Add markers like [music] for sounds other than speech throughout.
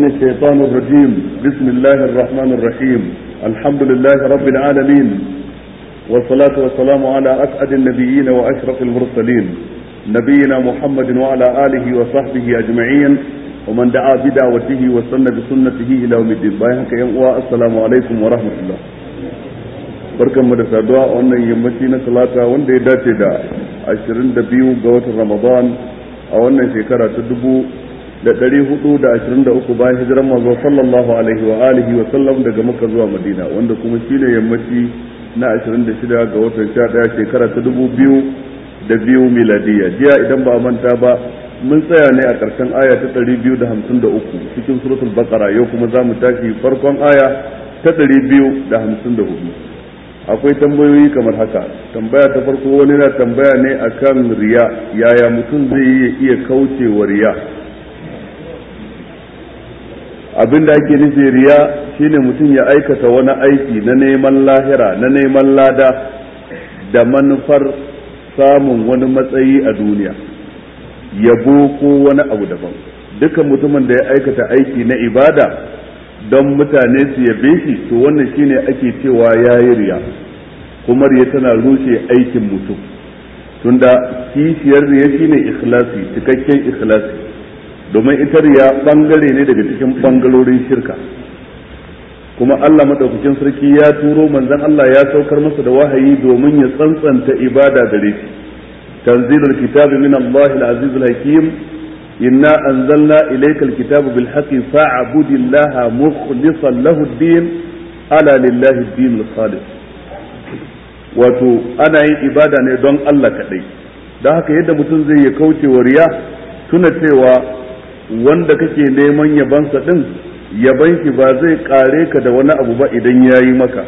من الشيطان الرجيم بسم الله الرحمن الرحيم الحمد لله رب العالمين والصلاة والسلام على أسعد النبيين وأشرف المرسلين نبينا محمد وعلى آله وصحبه أجمعين ومن دعا بدعوته وسن بسنته إلى يوم الدين بايعك السلام عليكم ورحمة الله barkan mu da أن يمتين صلاة وان دي داتي دا عشرين دبيو da 22 ga watan تدبو da ɗari hudu da ashirin da uku bayan hijiran manzo sallallahu alaihi wa alihi wa sallam daga makka zuwa madina wanda kuma shine yammaci na ashirin da shida ga watan sha ɗaya shekara ta dubu biyu da biyu miladiya jiya idan ba a manta ba mun tsaya ne a karshen aya ta ɗari biyu da hamsin da uku cikin suratul baqara yau kuma za mu tashi farkon aya ta ɗari biyu da hamsin da hudu akwai tambayoyi kamar haka tambaya ta farko wani na tambaya ne akan riya yaya mutum zai iya kaucewa riya abin da ake nufi riya shine mutum ya aikata wani aiki na neman lahira na neman lada da manufar samun wani matsayi a duniya yabo ko wani abu daban dukan mutumin da ya aikata aiki na ibada don mutane su yabe shi to wannan shine ake cewa ya yi riya kuma riya tana rushe aikin mutum tunda kishiyar riya shine ikhlasi cikakken ikhlasi domin ita riya bangare ne daga cikin bangarorin shirka kuma Allah madaukakin sarki ya turo manzon Allah ya saukar masa da wahayi domin ya tsantsanta ibada gare shi tanzilul kitabi min Allah al azizul hakim inna anzalna ilayka al-kitaba bil haqqi fa'budillaha mukhlishan lahu ad-din ala lillahi ad-din al-khalis wato ana yin ibada ne don Allah kadai don haka yadda mutum zai ya kauce wa riya tuna cewa wanda kake neman yabansa din yaban ba zai kare ka da wani abu ba idan ya yi maka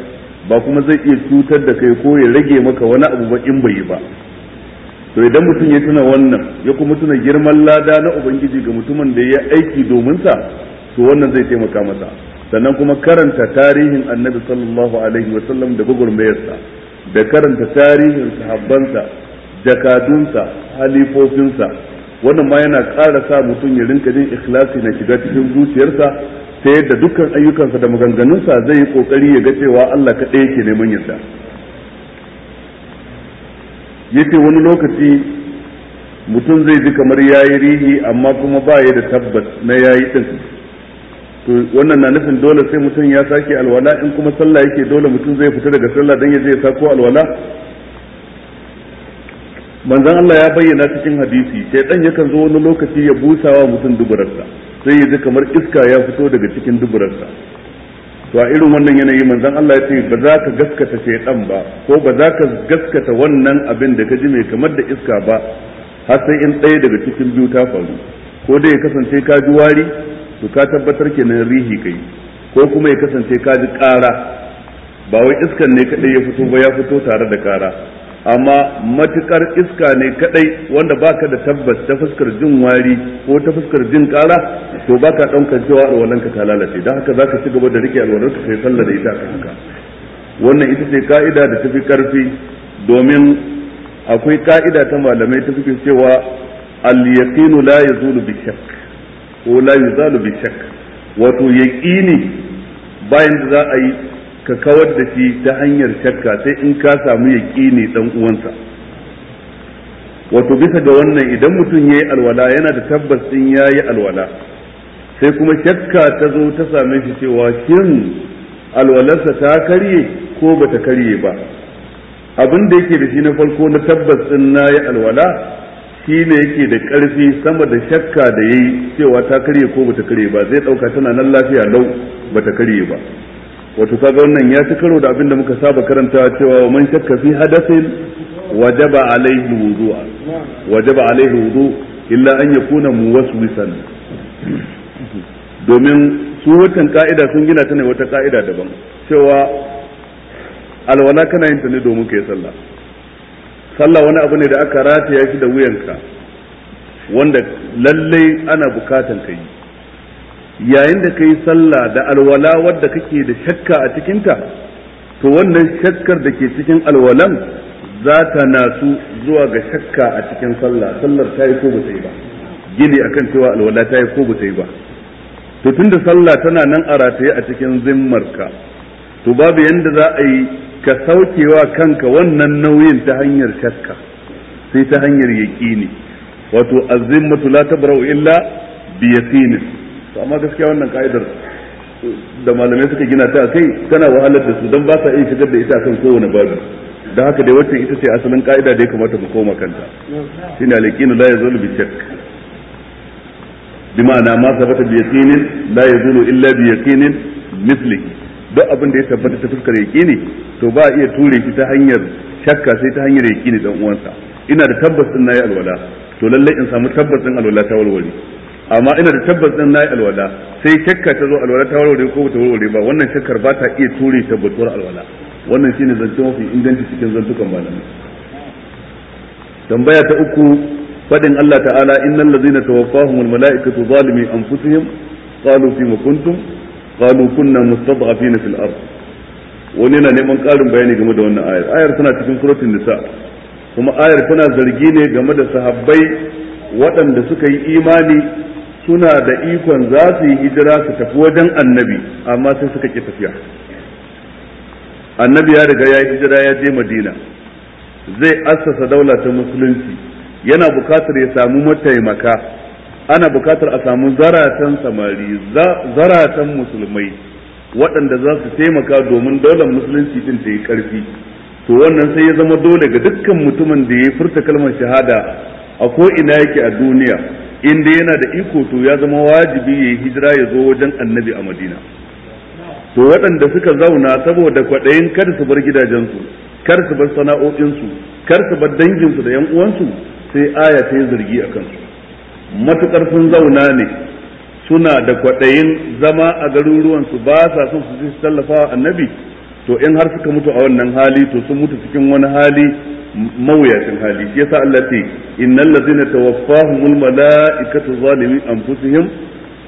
ba kuma zai iya cutar da kai ko ya rage maka wani abu ba in bai yi ba to idan mutum ya tuna wannan ya kuma tuna girman lada na ubangiji ga mutumin da ya aiki domin sa to wannan zai taimaka masa sannan kuma karanta tarihin annabi sallallahu alaihi sallam da gugurmayarsa da karanta tarihin sahabbansa jakadunsa halifofinsa wannan ma yana ƙara sa mutum ya rinka jin ikhlasi na shiga cikin zuciyarsa ta yadda dukkan ayyukansa da maganganunsa zai yi kokari ya ga cewa Allah kaɗai yake neman yarda yace wani lokaci mutum zai ji kamar yayi rihi amma kuma ba ya da tabbas na yayi din to wannan na nufin dole sai mutum ya sake alwala in kuma sallah yake dole mutum zai fita daga sallah dan ya je ya sako alwala manzon Allah ya bayyana cikin hadisi shaytan yakan zo wani lokaci ya busawa mutum duburarsa sai ya ji kamar iska ya fito daga cikin duburarsa to a irin wannan yanayi manzon Allah ya ce ba za ka gaskata shaytan ba ko ba za ka gaskata wannan abin da ka ji mai kamar da iska ba har sai in ɗaya daga cikin biyu ta faru ko dai ya kasance ka ji wari to ka tabbatar kenan rihi kai ko kuma ya kasance ka ji ƙara ba wai iskan ne kaɗai ya fito ba ya fito tare da ƙara amma matukar iska ne kadai wanda baka da tabbas ta fuskar jin wari ko ta fuskar jin kara to baka daukar cewa alwalanka ta lalace dan haka zaka ci gaba da rike alwalanka kai sallar da ita a kanka wannan ita ce ka'ida da tafi karfi domin akwai ka'ida ta malamai ta fi cewa al-yaqinu la yazulu bi shakk ko la yuzalu bi shakk wato yaqini bayan da za a yi ka kawar da shi ta hanyar shakka sai in ka samu ne ɗan uwansa wato bisa ga wannan idan mutum ya yi alwala yana da tabbas ɗin ya yi alwala sai kuma shakka ta zo ta same shi cewa shin alwalarsa ta karye ko ba ta karye ba abin da yake da shi na farko na tabbas din na yi alwala shi ne yake da ƙarfi sama da shakka da ya yi cewa ta karye ko ba ta karye ba zai ɗauka tana nan lafiya lau ba ta karye ba wato kaga wannan ya ci karo da abin da muka saba karanta cewa wa man shakka fi hadathin wajaba alaihi wudu'a wajaba alaihi wudu illa an yakuna muwaswisan domin su watan ka'ida sun gina ta ne wata ka'ida daban cewa alwala kana yin ta ne domin kai sallah sallah wani abu ne da aka rataya shi da wuyanka wanda lallai ana bukatan kai. yi yayin da kai sallah da alwala wadda kake da shakka a cikinta to wannan shakkar da ke cikin alwalan za ta nasu zuwa ga shakka a cikin sallah sallar ta yi ko ba ta yi ba gini akan cewa alwala ta yi ko ba ta yi ba to tunda sallah tana nan a rataye a cikin zimmarka to babu yanda za a yi ka saukewa kanka wannan nauyin ta hanyar shakka sai ta hanyar yaƙini wato azimmatu la tabra'u illa bi yaqinin to amma gaskiya wannan ka'idar da malamai suka gina ta kai tana wahalar da su dan ba sa iya shigar da ita kan kowane babu da haka dai wacce ita ce asalin ka'ida da ya kamata mu koma kanta shine al-yaqinu la yazulu bi shakk bima'ana ma sabata bi yaqinin la yazulu illa bi yaqinin mislihi duk abin da ya tabbata ta fuskar yaqini to ba iya ture shi ta hanyar shakka sai ta hanyar yaqini dan uwansa ina da tabbas din yi alwala to lalle in samu tabbas din alwala ta walwali. amma ina da tabbas din nayi alwala sai shakka ta zo alwala ta warware ko ta warware ba wannan shakkar ba ta iya ture tabbatuwar alwala wannan shine zance mafi inganci cikin zantukan malamai tambaya ta uku fadin Allah ta'ala innal ladzina tawaffahumul malaikatu zalimi anfusihim qalu fima kuntum qalu kunna mustad'afina fil ard wani yana neman ƙarin bayani game da wannan ayar ayar tana cikin suratul nisa kuma ayar tana zargi ne game da sahabbai waɗanda suka yi imani suna da ikon za su yi hijira su tafi wajen annabi amma sai suka ƙi tafiya annabi ya riga ya yi hijira ya je madina zai assasa daula ta musulunci yana bukatar ya samu mataimaka ana bukatar a samu zaratan samari zaratan musulmai waɗanda za su taimaka domin daular musulunci din ta yi ƙarfi to wannan sai ya zama dole ga dukkan mutumin da ya furta kalmar shahada a ko ina yake a duniya in dai yana da iko to ya zama wajibi yayi hijira ya zo wajen annabi a madina to waɗanda suka zauna saboda kwaɗayin kar su bar gidajensu kar su bar sana'o'insu kar su bar danginsu da yan uwansu sai aya ta yi zargi a kansu matukar sun zauna ne suna da kwaɗayin zama a garuruwansu ba sa son su tallafa wa annabi to in har suka mutu a wannan hali to sun mutu cikin wani hali mawuyacin hali shi yasa Allah ce innal ladina tawaffahumul malaikatu zalimi anfusihim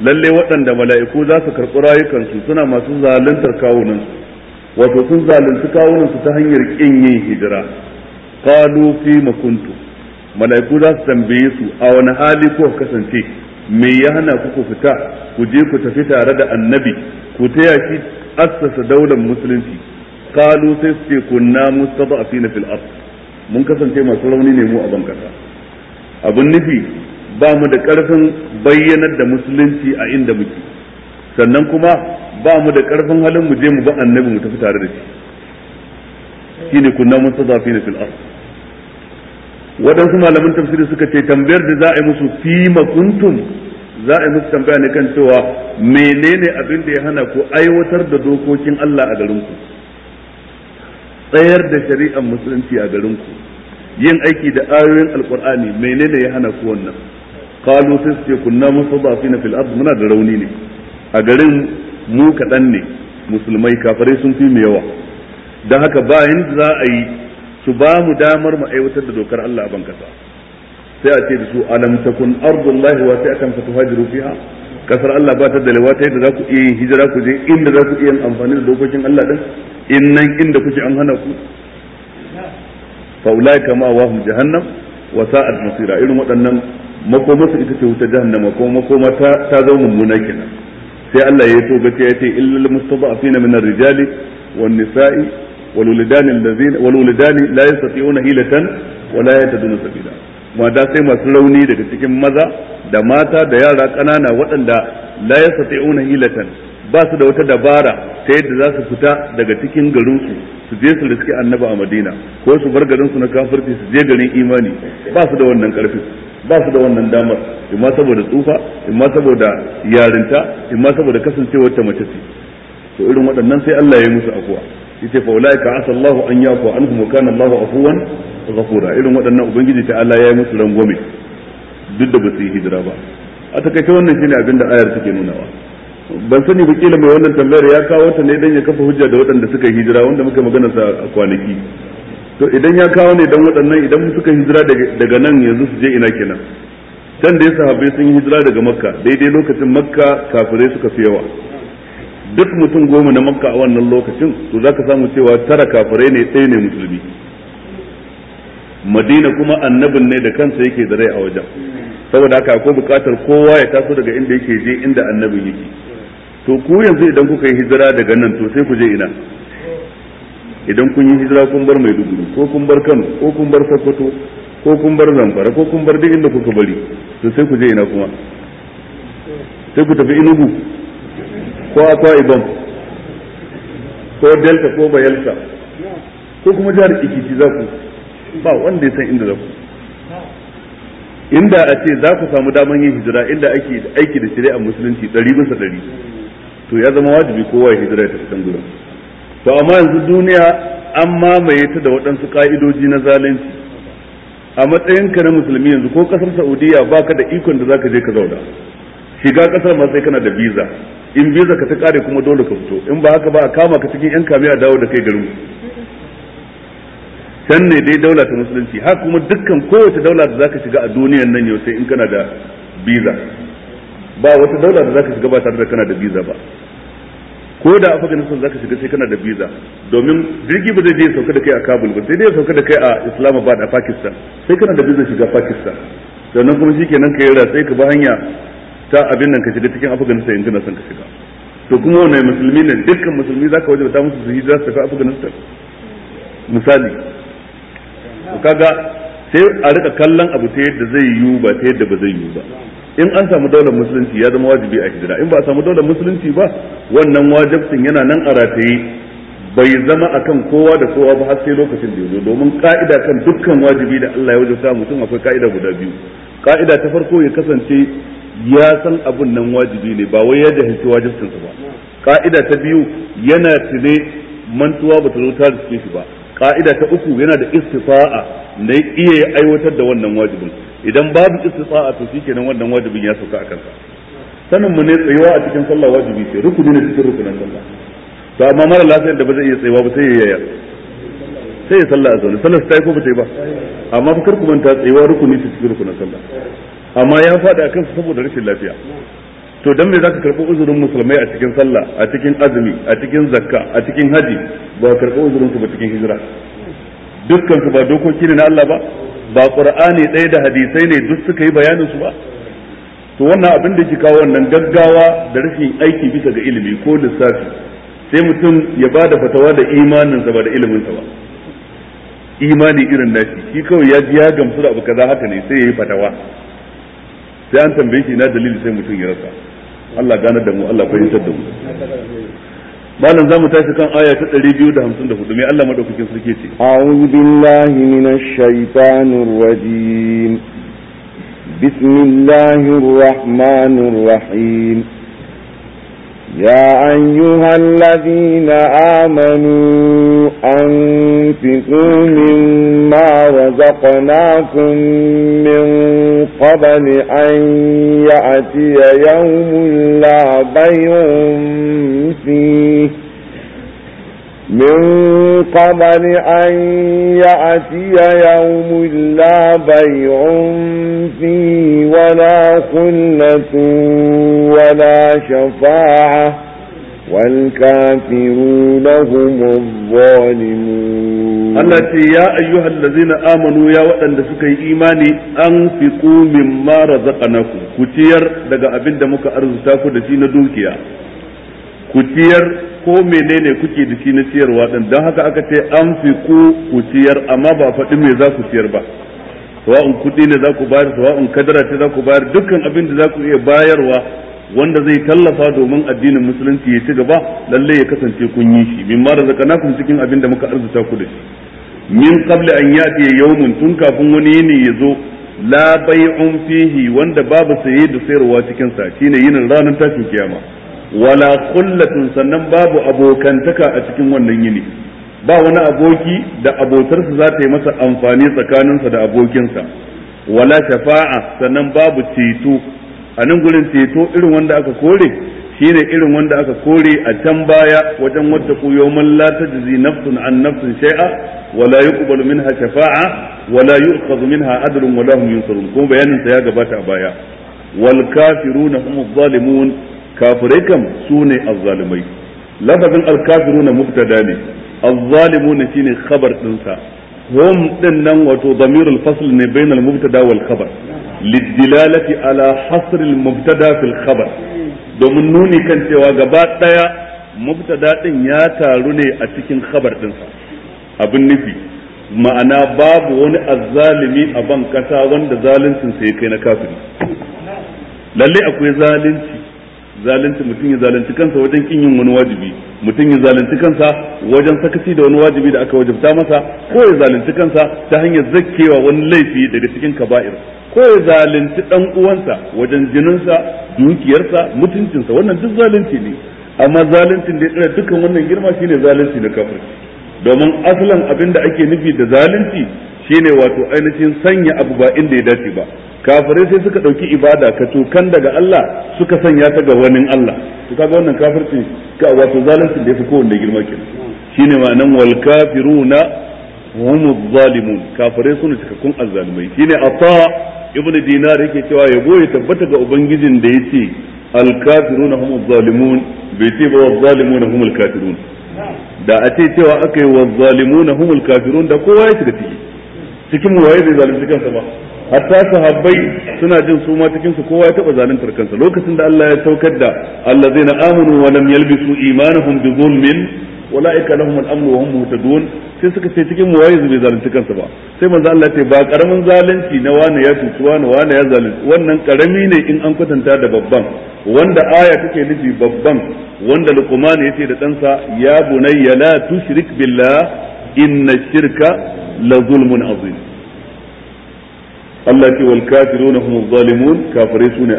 lalle waɗanda mala'iku za su karɓi rayukansu suna masu zaluntar kawunansu wato sun zalunci kawunansu ta hanyar kin yin hijira qalu fi makuntu mala'iku za su tambaye su a wani hali ko kasance me ya hana ku ku fita ku je ku tafi tare da annabi ku taya shi assasa daular musulunci qalu sai su ce kunna mustada'afina fil ardh mun kasance masu rauni ne mu a ban kasa abin nufi ba mu da karfin bayyanar da musulunci a inda muke sannan kuma ba mu da karfin halin mu je mu ba annabi mu tafi tare da shi ne kunna mustazafina fil ar waɗansu malamin tafsiri suka ce tambayar da za a yi musu fi kuntum za a yi musu tambaya ne kan cewa menene abin da ya hana ku aiwatar da dokokin Allah a garinku tsayar da shari'ar musulunci a garin ku yin aiki da ayoyin alqur'ani menene ya hana ku wannan qalu ce kunna na fil ard muna da rauni ne a garin mu kadan ne musulmai kafirai sun fi mu yawa dan haka bayan za a yi su ba mu damar mu aiwatar da dokar Allah a kasa sai a ce da su alam takun ardullahi wa ta'atan fatuhajiru fiha kasar Allah ba ta da lewa ta yadda za ku iya yin hijira ku je inda za ku iya amfani da dokokin Allah din in nan inda kuke an hana ku fa ulaika ma wa hum jahannam wa sa'at masira irin waɗannan makoma su ita ce wuta jahannama ko makoma ta ta zama mummuna kenan sai Allah ya to gace ya ce illal mustada'afina min ar-rijali wan nisa'i wal wuldani allazina wal wuldani la yastati'una hilatan wa la yataduna sabila mata sai masu rauni daga cikin maza da mata da yara ƙanana waɗanda la yastati'una hilatan ba su da wata dabara ta yadda za su fita daga cikin garinsu su je su riske annaba a madina ko su bar garinsu na kafirci su je garin imani ba su da wannan karfi ba su da wannan damar imma saboda tsufa imma saboda yarinta imma saboda kasancewar ta mace ce to irin waɗannan sai Allah ya yi musu afuwa yace fa ulaika asallahu an yafu anhum wa kana Allahu afuwan ghafura irin waɗannan ubangiji ta Allah ya yi musu rangwame duk da ba su yi hijira ba a takaice wannan shine abin da ayar take nunawa ban sani ba kila mai wannan tambayar ya kawo ta ne dan ya kafa hujja da waɗanda suka hijira wanda muka magana sa a kwanaki to idan ya kawo ne dan waɗannan idan suka hijira daga nan yanzu su je ina kenan can da ya sahabai sun hijira daga makka daidai lokacin makka kafirai suka fi yawa duk mutum goma na makka a wannan lokacin to zaka samu cewa tara kafirai ne ɗaya ne musulmi madina kuma annabin ne da kansa yake da rai a wajen saboda haka akwai buƙatar kowa ya taso daga inda yake je inda annabin yake to ku yanzu idan kuka yi hijira daga nan to sai ku je ina idan kun yi hijira kun bar maiduguri ko kun bar kano ko kun bar sokoto ko kun bar zamfara ko kun bar duk inda kuka bari to sai ku je ina kuma sai ku tafi inugu ko akwa ibom ko delta ko bayelsa ko kuma jihar ikiti za ku ba wanda ya san inda za ku inda a ce za ku samu daman yin hijira inda ake aiki da shari'ar musulunci ɗari bisa ɗari to ya zama wajibi kowa ya hijira ya tafi to amma yanzu duniya an mamaye ta da waɗansu ka'idoji na zalunci a matsayin ka na musulmi yanzu ko kasar saudiya ka da ikon da zaka je ka zauna shiga ƙasar ma sai kana da visa in visa ka ta kare kuma dole ka fito in ba haka ba a kama ka cikin yan kamiya a dawo da kai garin can ne dai daula ta musulunci haka kuma dukkan kowace daula da zaka shiga a duniyan nan yau sai in kana da visa ba wata daula da zaka shiga ba tare da kana da visa ba ko da afganistan zaka shiga sai kana da visa domin jirgi ba zai je sauka da kai a kabul ba sai dai sauka da kai a islamabad a pakistan sai kana da visa shiga pakistan sannan kuma shikenan ka yi sai ka ba hanya ta abin nan ka shiga cikin afganistan yanzu na son ka shiga to kuma wannan musulmi ne dukkan musulmi zaka waje ta musu zuhi hijira su tafi afganistan misali kaga sai a rika kallon abu ta yadda zai yiwu ba ta yadda ba zai yiwu ba in an samu daular musulunci ya zama wajibi a hijira in ba a samu daular musulunci ba wannan wajibcin yana nan a rataye bai zama akan kowa da kowa ba har sai lokacin da yazo domin ka'ida kan dukkan wajibi da Allah ya wajabta mutum akwai ka'ida guda biyu ka'ida ta farko ya kasance ya san abun nan wajibi ne ba wai ya jahilci wajibcin ba ka'ida ta biyu yana tune mantuwa ba ta zo ta rike shi ba ka'ida ta uku yana da istifa'a na iya aiwatar da wannan wajibin idan babu istita'a to shikenan wannan wajibin ya sauka a kansa sanin mu ne tsayuwa a cikin sallah wajibi ce rukuni ne cikin rukunin sallah to amma mara lafiyar da ba zai iya tsayuwa ba sai ya yaya sai ya sallah a zaune sallah ta yi ko ba ta yi ba amma fa kar ku manta tsayuwa rukuni ce cikin rukunin sallah amma ya faɗi a kansa saboda rashin lafiya to dan me zaka karɓi uzurin musulmai a cikin sallah a cikin azumi a cikin zakka a cikin haji ba karɓi uzurin ku ba cikin hijira dukkan su ba dokoki ne na Allah ba ba qur'ani ɗaya da hadisai ne duk suka yi bayanin su ba to wannan abin da ke kawo wannan gaggawa da rashin aiki bisa ga ilimi ko lissafi sai mutum ya ba da fatawa da imaninsa ba da iliminsa ba imani irin nashi shi kawai ya ji ya gamsu da abu kaza haka ne sai ya yi fatawa sai an tambaye shi na dalili sai mutum ya rasa Allah ganar da mu Allah fahimtar da mu malam zamu tashi kan aya ta 254 mai Allah madaukakin sarki ce a'udhu billahi minash shaitanir rajim bismillahir rahmanir rahim يا أيها الذين آمنوا أنفقوا مما رزقناكم من قبل أن يأتي يوم لا بيع من قبل أن يأتي يوم لا بيع فيه ولا خلة ولا شفاعة والكافرون هم الظالمون التي يا أيها الذين آمنوا يا وطن دسكي إيماني أنفقوا مما رزقناكم كتير لقى أبن دمك أرزتاكم دسين دوكيا كتير ko menene kuke da shi na ciyarwa din don haka aka ce an fi ku ku ciyar amma ba faɗi me za ku ciyar ba sawa'un kuɗi ne za ku bayar sawa'un kadara ce za ku bayar dukkan abin da za ku iya bayarwa wanda zai tallafa domin addinin musulunci ya ci gaba lalle ya kasance kun yi shi Min mimma razaqnakum cikin abin da muka arzuta ku da shi min qabli an yati yawmun tun kafin wani yini ya zo la bay'un fihi wanda babu saye da sayarwa cikin sa shine yinin ranar tashin kiyama wala kullatun sannan babu abokantaka a cikin wannan yini ba wani aboki da abotarsa za ta yi masa amfani tsakaninsa da abokinsa wala shafa'a sannan babu ceto a nan gurin ceto irin wanda aka kore shine irin wanda aka kore a can baya wajen wata ku yawman la tajzi nafsun an nafsin shay'a wala minha shafa'a wala yu'khadhu minha adlun wala hum yunsarun kuma bayaninsa ya gabata a baya wal kafiruna hum adh kafirai kam su ne azzalumai lafazin na mubtada ne azzalimuna shine khabar dinsa hum din nan wato damir alfasl ne bainal mubtada wal khabar lidilalati ala hasr al mubtada fil khabar domin nuni kan cewa gaba daya mubtada din ya taru ne a cikin khabar dinsa abin nufi ma'ana babu wani azzalimi a ban kasa wanda zaluncin sai kai na kafiri lalle akwai zalunci zalunci mutum ya zalunci kansa wajen kin yin wani wajibi mutum ya zalunci kansa wajen sakaci da wani wajibi da aka wajibta masa ko ya zalunci kansa ta hanyar zakkewa wani laifi daga cikin kaba'ir ko ya zalunci dan uwansa wajen jininsa dukiyarsa mutuncinsa wannan duk zalunci ne amma zaluncin da ya dukkan wannan girma shine zalunci na kafir domin asalin abin da ake nufi da zalunci shine wato ainihin sanya abu ba inda ya dace ba kafirai sai suka ɗauki ibada ka tukan daga Allah suka sanya ta ga wani Allah to kaga wannan kafirci ka wato zalunci da yafi kowanne girma ke shine ma'anan wal kafiruna humuz zalimun kafirai suna cikakkun azzalimai shine ata ibnu dinar yake cewa yabo ya tabbata ga ubangijin da yace al kafiruna humuz zalimun bai ce ba wal zalimuna humul kafirun da a ce cewa aka yi wal zalimuna humul kafirun da kowa ya shiga ciki cikin waye bai zalunci kansa ba hatta sahabbai suna jin su ma cikin su kowa ya taba zaluntar kansa lokacin da Allah ya saukar da allazina amanu wa lam yalbisu imanuhum bi zulmin ulaika lahum al-amn wa hum muhtadun sai suka ce cikin mu waye bai zalunci kansa ba sai manzo Allah ya ce ba karamin zalunci na wani ya tuci wani wani ya zalunci wannan karami ne in an kwatanta da babban wanda aya take nufi babban wanda Luqman ce da ɗansa ya bunayya la tushrik billah inna shirka la zulmun azim Allah ce wal kafiruna hum zalimun kafirai sune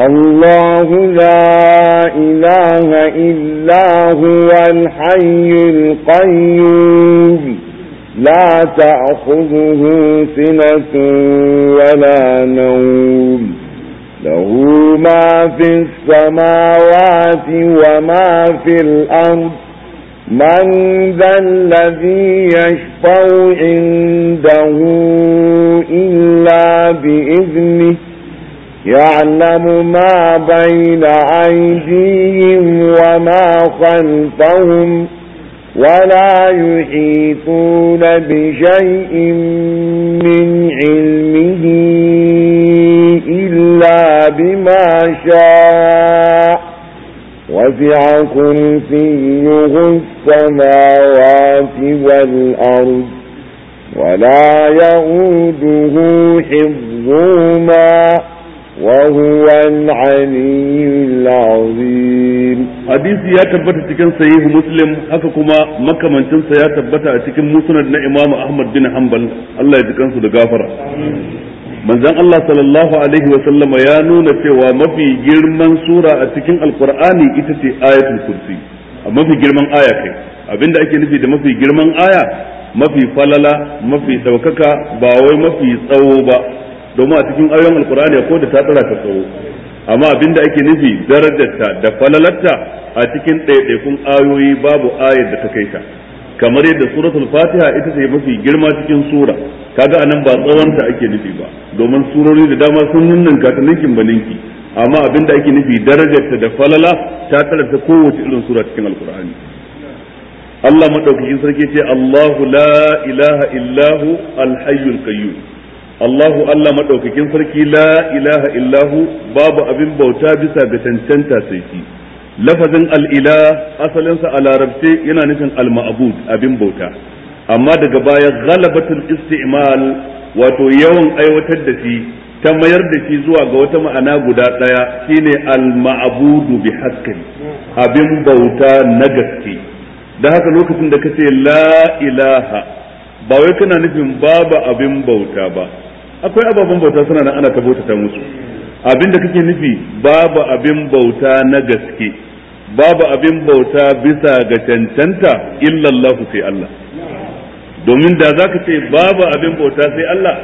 الله لا إله إلا هو الحي القيوم لا تأخذه سنة ولا نوم له ما في السماوات وما في الأرض من ذا الذي يشفع عنده إلا بإذنه يعلم ما بين أيديهم وما خلفهم ولا يحيطون بشيء من علمه إلا بما شاء كرسيه السماوات والأرض ولا يؤوده حفظهما وهو العلي العظيم حديث يا تبت تكن سيه مسلم حكما مكة من تنسى يا تبت تكن مسند نعمام أحمد بن حنبل الله يتكن سيد غافر manzon Allah sallallahu alaihi wa sallama ya nuna cewa mafi girman sura a cikin alqur'ani ita ce ayatul kursi mafi girman aya kai abinda ake nufi da mafi girman aya mafi falala mafi daukaka ba wai mafi tsawo ba domin a cikin ayoyin alqur'ani ko da ta tsara ta tsawo amma abinda ake nufi darajarta da falalarta a cikin ɗaiɗaikun ayoyi babu ayar da ta kai ta kamar yadda suratul fatiha ita ce mafi girma cikin sura kaga anan ba tsawonta ake nufi ba domin surori da dama sun nunnanka ta ninkin ba ninki amma abinda ake nufi darajarta da falala ta tara kowace irin sura cikin alkur'ani Allah madaukakin sarki ce Allahu la ilaha illahu alhayyul qayyum Allahu Allah madaukakin sarki la ilaha illahu babu abin bauta bisa ga cancanta sai lafazin al'ila asalinsa a larabce yana nufin al-ma'bud abin bauta amma daga baya ghalabatul isti'mal wato yawan aiwatar da shi ta mayar da shi zuwa ga wata ma'ana guda ɗaya shine al-ma'budu bi haqqin abin bauta na gaske Da haka lokacin da kace la ilaha ba wai kana nufin babu abin bauta ba akwai ababen bauta suna nan ana ta bauta ta musu abinda kake nufi babu abin bauta na gaske babu abin bauta bisa ga cancanta ku sai Allah domin da zaka ce babu abin bauta sai Allah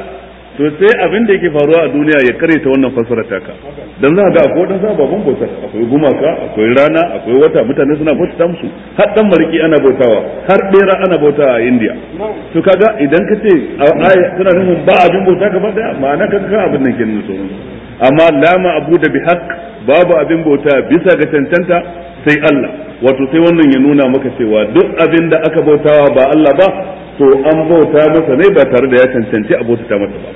to sai abin da yake faruwa a duniya ya kare ta wannan fasara taka dan za ga akwai wadansu ababen bautar akwai gumaka akwai rana akwai wata mutane suna bauta musu har dan mariki ana bautawa har bera ana bautawa a India to kaga idan ka ce kana nufin ba abin bauta gaba daya ma'ana ka kan abin nan nuna so amma la ma'budu bi haqq babu abin bauta bisa ga tantanta sai Allah wato sai wannan ya nuna maka cewa duk abin da aka bautawa ba Allah ba to an bauta masa ne ba tare da ya cancanci a bautata masa ba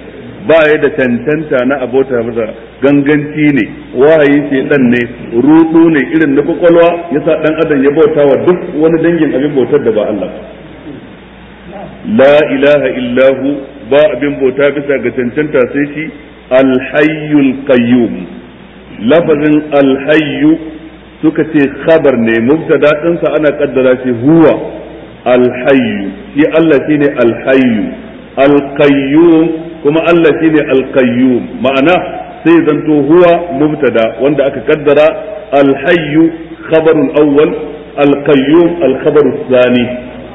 ba ya da cancanta na abota masa ganganci ne wahayi ce dan ne rudu ne irin na kwakwalwa yasa dan adam ya bauta wa duk wani dangin abin bautar da ba Allah ba la ilaha illahu ba abin bauta bisa ga cancanta sai shi alhayyul qayyum lafazin alhayyu suka ce khabar ne mubtada ɗinsa ana kaddara shi huwa alhayyu shi Allah shine alhayyu alqayyum kuma Allah shine alqayyum ma'ana sai zanto huwa mubtada wanda aka kaddara alhayyu khabarul awwal alqayyum alkhabarul thani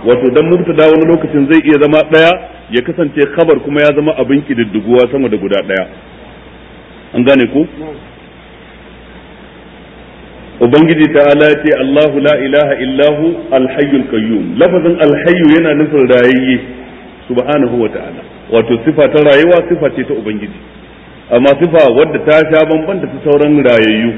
wato dan mubtada wani lokacin zai iya zama daya ya kasance khabar kuma ya zama abin kididdiguwa sama da guda daya an gane ku ubangiji ta'ala ce Allahu la ilaha illahu alhayyul qayyum lafazin alhayyu yana nufin rayayye subhanahu wa ta'ala wato sifa ta rayuwa sifa ce ta ubangiji amma sifa wadda ta sha da ta sauran rayayyu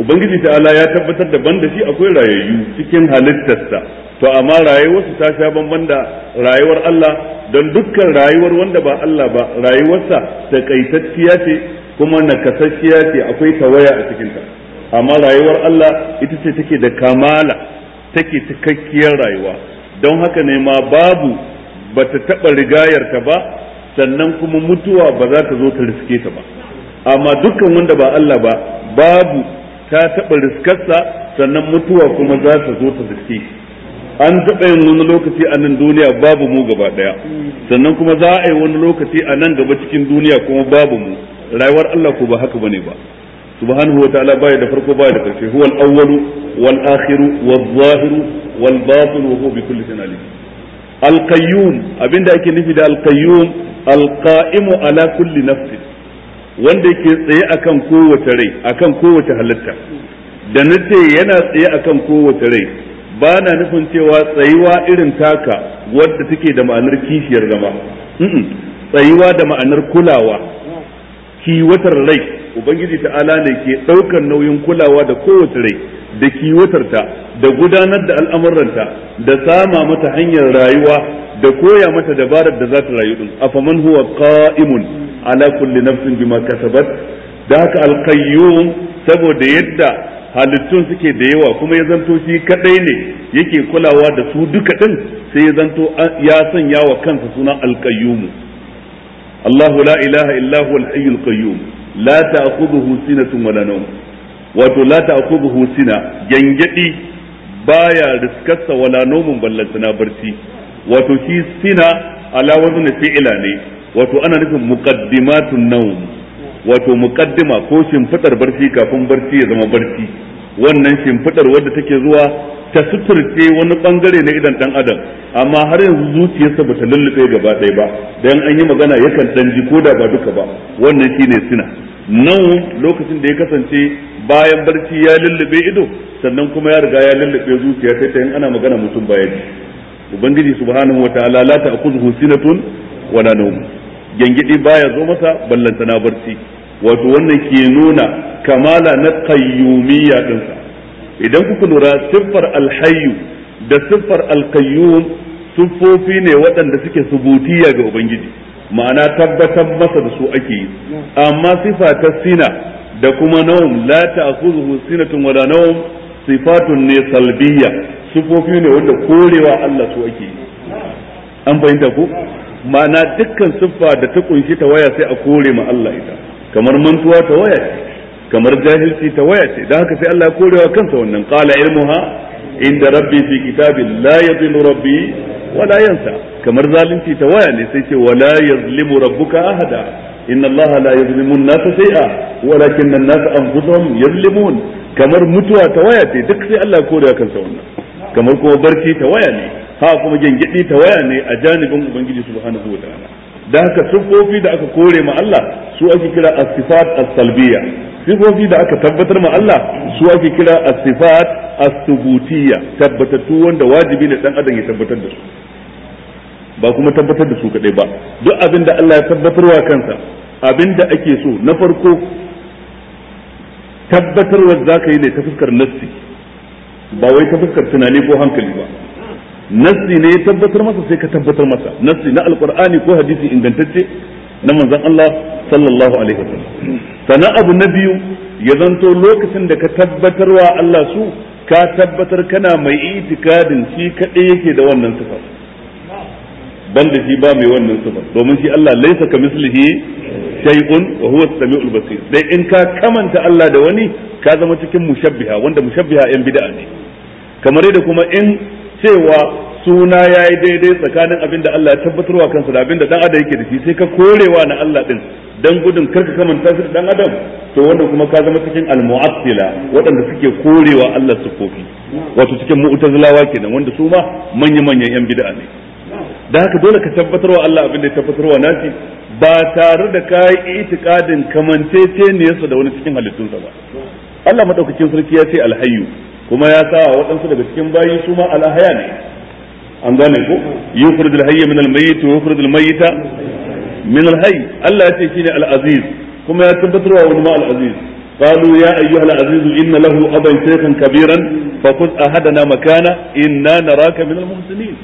ubangiji ta'ala ya tabbatar da banda shi akwai rayayyu cikin halittarsa to amma rayuwarsa ta sha bamban da rayuwar Allah don dukkan rayuwar wanda ba Allah ba rayuwarsa takaitacciya ce kuma nakasasshiya ce akwai tawaya a cikinta amma rayuwar Allah ita ce take da kamala take cikakkiyar rayuwa don haka ne ma babu ba bata taɓa ta ba sannan kuma mutuwa ba za ta zo ta riske ta ba amma dukkan wanda ba Allah ba babu ta taɓa riskarsa sannan mutuwa kuma za ta zo ta riske an taɓa yin wani lokaci a nan duniya babu mu gaba ɗaya sannan kuma za a yi wani lokaci a nan gaba cikin duniya kuma babu mu rayuwar Allah ko ba haka bane ba subhanahu wa ta'ala baya da farko baya da karshe huwal awwalu wal akhiru wal zahir wal batin wa huwa bi kulli shay'in alim al qayyum abinda ake nufi da al qayyum al qa'imu ala kulli nafsin wanda yake tsaye akan kowace rai akan kowace halitta da nace yana tsaye akan kowace rai ba na nufin cewa tsayuwa irin taka wadda take da ma'anar kishiyar zama tsayuwa da ma'anar kulawa kiwatar rai ubangiji ta'ala ne ke ɗaukar nauyin kulawa da kowace rai da kiwatarta da gudanar da al'amuranta da sama mata hanyar rayuwa da koya mata dabarar da za ta rayu din afaman huwa qa'imun ala kulli nafsin bima kasabat da haka alqayyum saboda yadda halittun suke da yawa kuma ya zanto shi kaɗai ne yake kulawa da su duka ɗin, sai ya zanto ya sanya wa kansa sunan alqayyum Allahu la ilaha illa huwa al qayyum la ta'khudhuhu sinatun wala nawm wato la ta'khudhuhu sina gangadi baya riskarsa wala ballanta na barci wato shi sina ala wazn fi'ila ne wato ana nufin muqaddimatun nawm wato muqaddima ko shimfidar barci kafin barci ya zama barci wannan shimfidar wadda take zuwa ta suturce wani bangare na idan dan adam amma har yanzu zuciyarsa bata lullube gaba ɗaya ba dan an yi magana yakan dan ji koda ba duka ba wannan shine sina nau lokacin da ya kasance bayan barci ya lullube ido sannan kuma ya riga ya lullube zuciya kai ta yin ana magana mutum bayan ubangiji subhanahu wa ta'ala la ta'khudhuhu sinatun la nawm gengidi baya zo masa ballanta na barci wato wannan ke nuna kamala na qayyumiyya dinsa idan kuka lura siffar alhayyu da siffar alqayyum siffofi ne waɗanda suke subutiya ga ubangiji ma'ana tabbatar masa da su ake yi amma sifa ta sina da kuma nawm la ta'khudhuhu sinatun wala nawm sifatun ne salbiyya sifofi ne wanda korewa Allah su ake yi an fahimta ko ma'ana dukkan siffa da ta kunshi ta waya sai a kore ma Allah ita kamar mantuwa ta waya kamar jahilci ta waya ce dan haka sai Allah ya korewa kansa wannan qala ilmuha inda rabbi fi kitabin la yadhillu rabbi wala yansa kamar zalunci ta waya ne sai ce wala yazlimu rabbuka ahada inna allaha la yazlimu an-nasa shay'a walakin an-nasa anfusuhum yazlimun kamar mutuwa ta waya ce duk sai Allah kore kansa wannan kamar kuma barci ta waya ne ha kuma gengedi ta waya ne a janibin ubangiji subhanahu wa ta'ala da haka sifofi da aka kore ma Allah su ake kira as-sifat as-salbiyya sifofi da aka tabbatar ma Allah su ake kira as-sifat as-subutiyya tabbatattu wanda wajibi ne dan adam ya tabbatar da su ba kuma tabbatar da su kadai ba duk abin da Allah ya tabbatarwa kansa abin da ake so na farko tabbatarwa za ka yi ne ta fuskar nassi ba wai ta fuskar tunani ko hankali ba nassi ne ya tabbatar masa sai ka tabbatar masa nassi na alkur'ani ko hadisi ingantacce na manzon Allah sallallahu alaihi wasallam sannan abu na biyu ya zanto lokacin da ka tabbatarwa Allah su ka tabbatar kana mai itikadin shi kadai yake da wannan sifar ban da shi ba mai wannan sifar domin shi Allah laisa ka mislihi shay'un wa huwa as-sami'ul basir dai in ka kamanta Allah da wani ka zama cikin mushabbiha wanda mushabbiha yan bid'a ne kamar da kuma in cewa suna yayi daidai tsakanin abin da Allah ya tabbatarwa kansa da abin da dan adam yake da shi sai ka korewa na Allah din dan gudun karka kamanta shi da dan adam to wanda kuma ka zama cikin al-mu'attila waɗanda suke korewa Allah kofi wato cikin mu'tazilawa kenan wanda su ma manya-manyan yan bid'a ne da haka dole ka tabbatar wa Allah abin da ya tabbatar wa nasi ba tare da ka yi itikadin kamanceceniyarsa da wani cikin halittunsa ba Allah madaukakin sarki ya ce alhayyu kuma ya sa waɗansu daga cikin bayi su ma alhaya ne an gane ko yukhrijul hayya min al-mayyit wa yukhrijul mayyita min al Allah ya ce shine al-aziz kuma ya tabbatar wa wani ma al-aziz قالوا يا أيها العزيز إن له أبا شيخا كبيرا فخذ أحدنا مكانه إنا نراك من المحسنين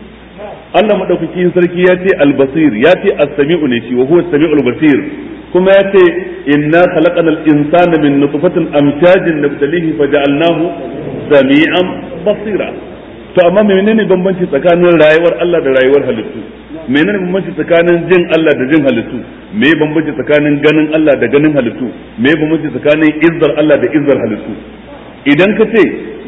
Allah madaukakin sarki ya ce albasir ya ce as-sami'u ne shi wa huwa as-sami'ul basir kuma ya ce inna khalaqana al-insana min nutfatin amshajin nabtalihi faja'alnahu sami'an basira to amma menene bambanci tsakanin rayuwar Allah da rayuwar halittu menene bambanci tsakanin jin Allah da jin halittu me bambanci tsakanin ganin Allah da ganin halittu me bambanci tsakanin izzar Allah da izzar halittu idan ka ce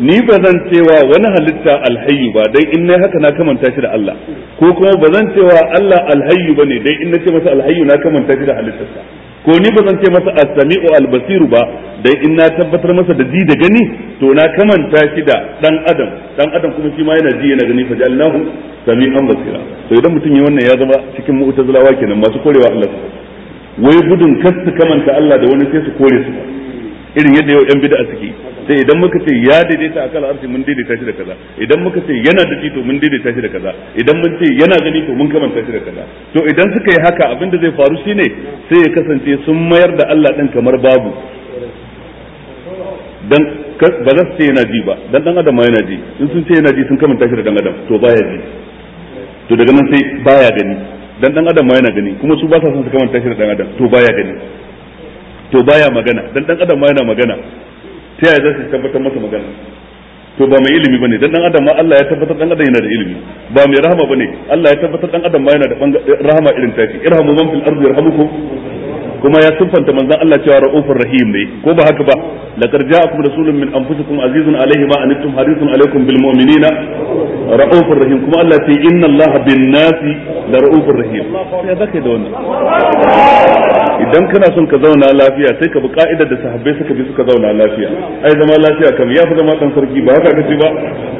ni ba zan cewa wani halitta alhayyu ba dai in na haka na kamanta shi da Allah ko kuma ba zan cewa Allah alhayyu ba ne dai in na ce masa alhayyu na kamanta shi da halittarsa ko ni ba zan ce masa as-sami'u al-basiru ba dai in na tabbatar masa da ji da gani to na kamanta shi da dan adam dan adam kuma shi ma yana ji yana gani fa jallahu sami'an basira to idan mutum ya wannan ya zama cikin mu'tazilawa kenan masu korewa Allah wai gudun kasta kamanta Allah da wani sai su kore su irin yadda yau yan bid'a suke sai idan muka ce ya daidaita a kala arshi mun daidaita shi da kaza idan muka ce yana da to mun daidaita shi da kaza idan mun ce yana gani to mun kamanta shi da kaza to idan suka yi haka abin da zai faru shine sai ya kasance sun mayar da Allah din kamar babu dan ba za su ce yana ji ba dan dan adam ma yana ji in sun ce yana ji sun kamanta shi da dan adam to baya ji to daga nan sai baya gani dan dan adam ma yana gani kuma su ba sa son su kamanta shi da dan adam to baya gani to baya magana dan dan adam ma yana magana ta yaya zai tabbatar masa magana to ba mai ilimi bane dan dan adam ma Allah ya tabbatar dan adam yana da ilimi ba mai rahama bane Allah ya tabbatar dan adam ma yana da rahama irin taki irhamu man fil ardi yarhamukum kuma ya siffanta manzon Allah cewa ra'ufur rahim ne ko ba haka ba laqad ja'akum rasulun min anfusikum azizun alayhi ma anittum harisun alaykum bil mu'minina ra'ufur rahim kuma Allah ce inna Allah nasi la rahim idan kana son ka zauna lafiya sai ka bi ka'idar da sahabbai suka bi suka zauna lafiya ai zama lafiya kam ya fi zama dan sarki ba haka kace ba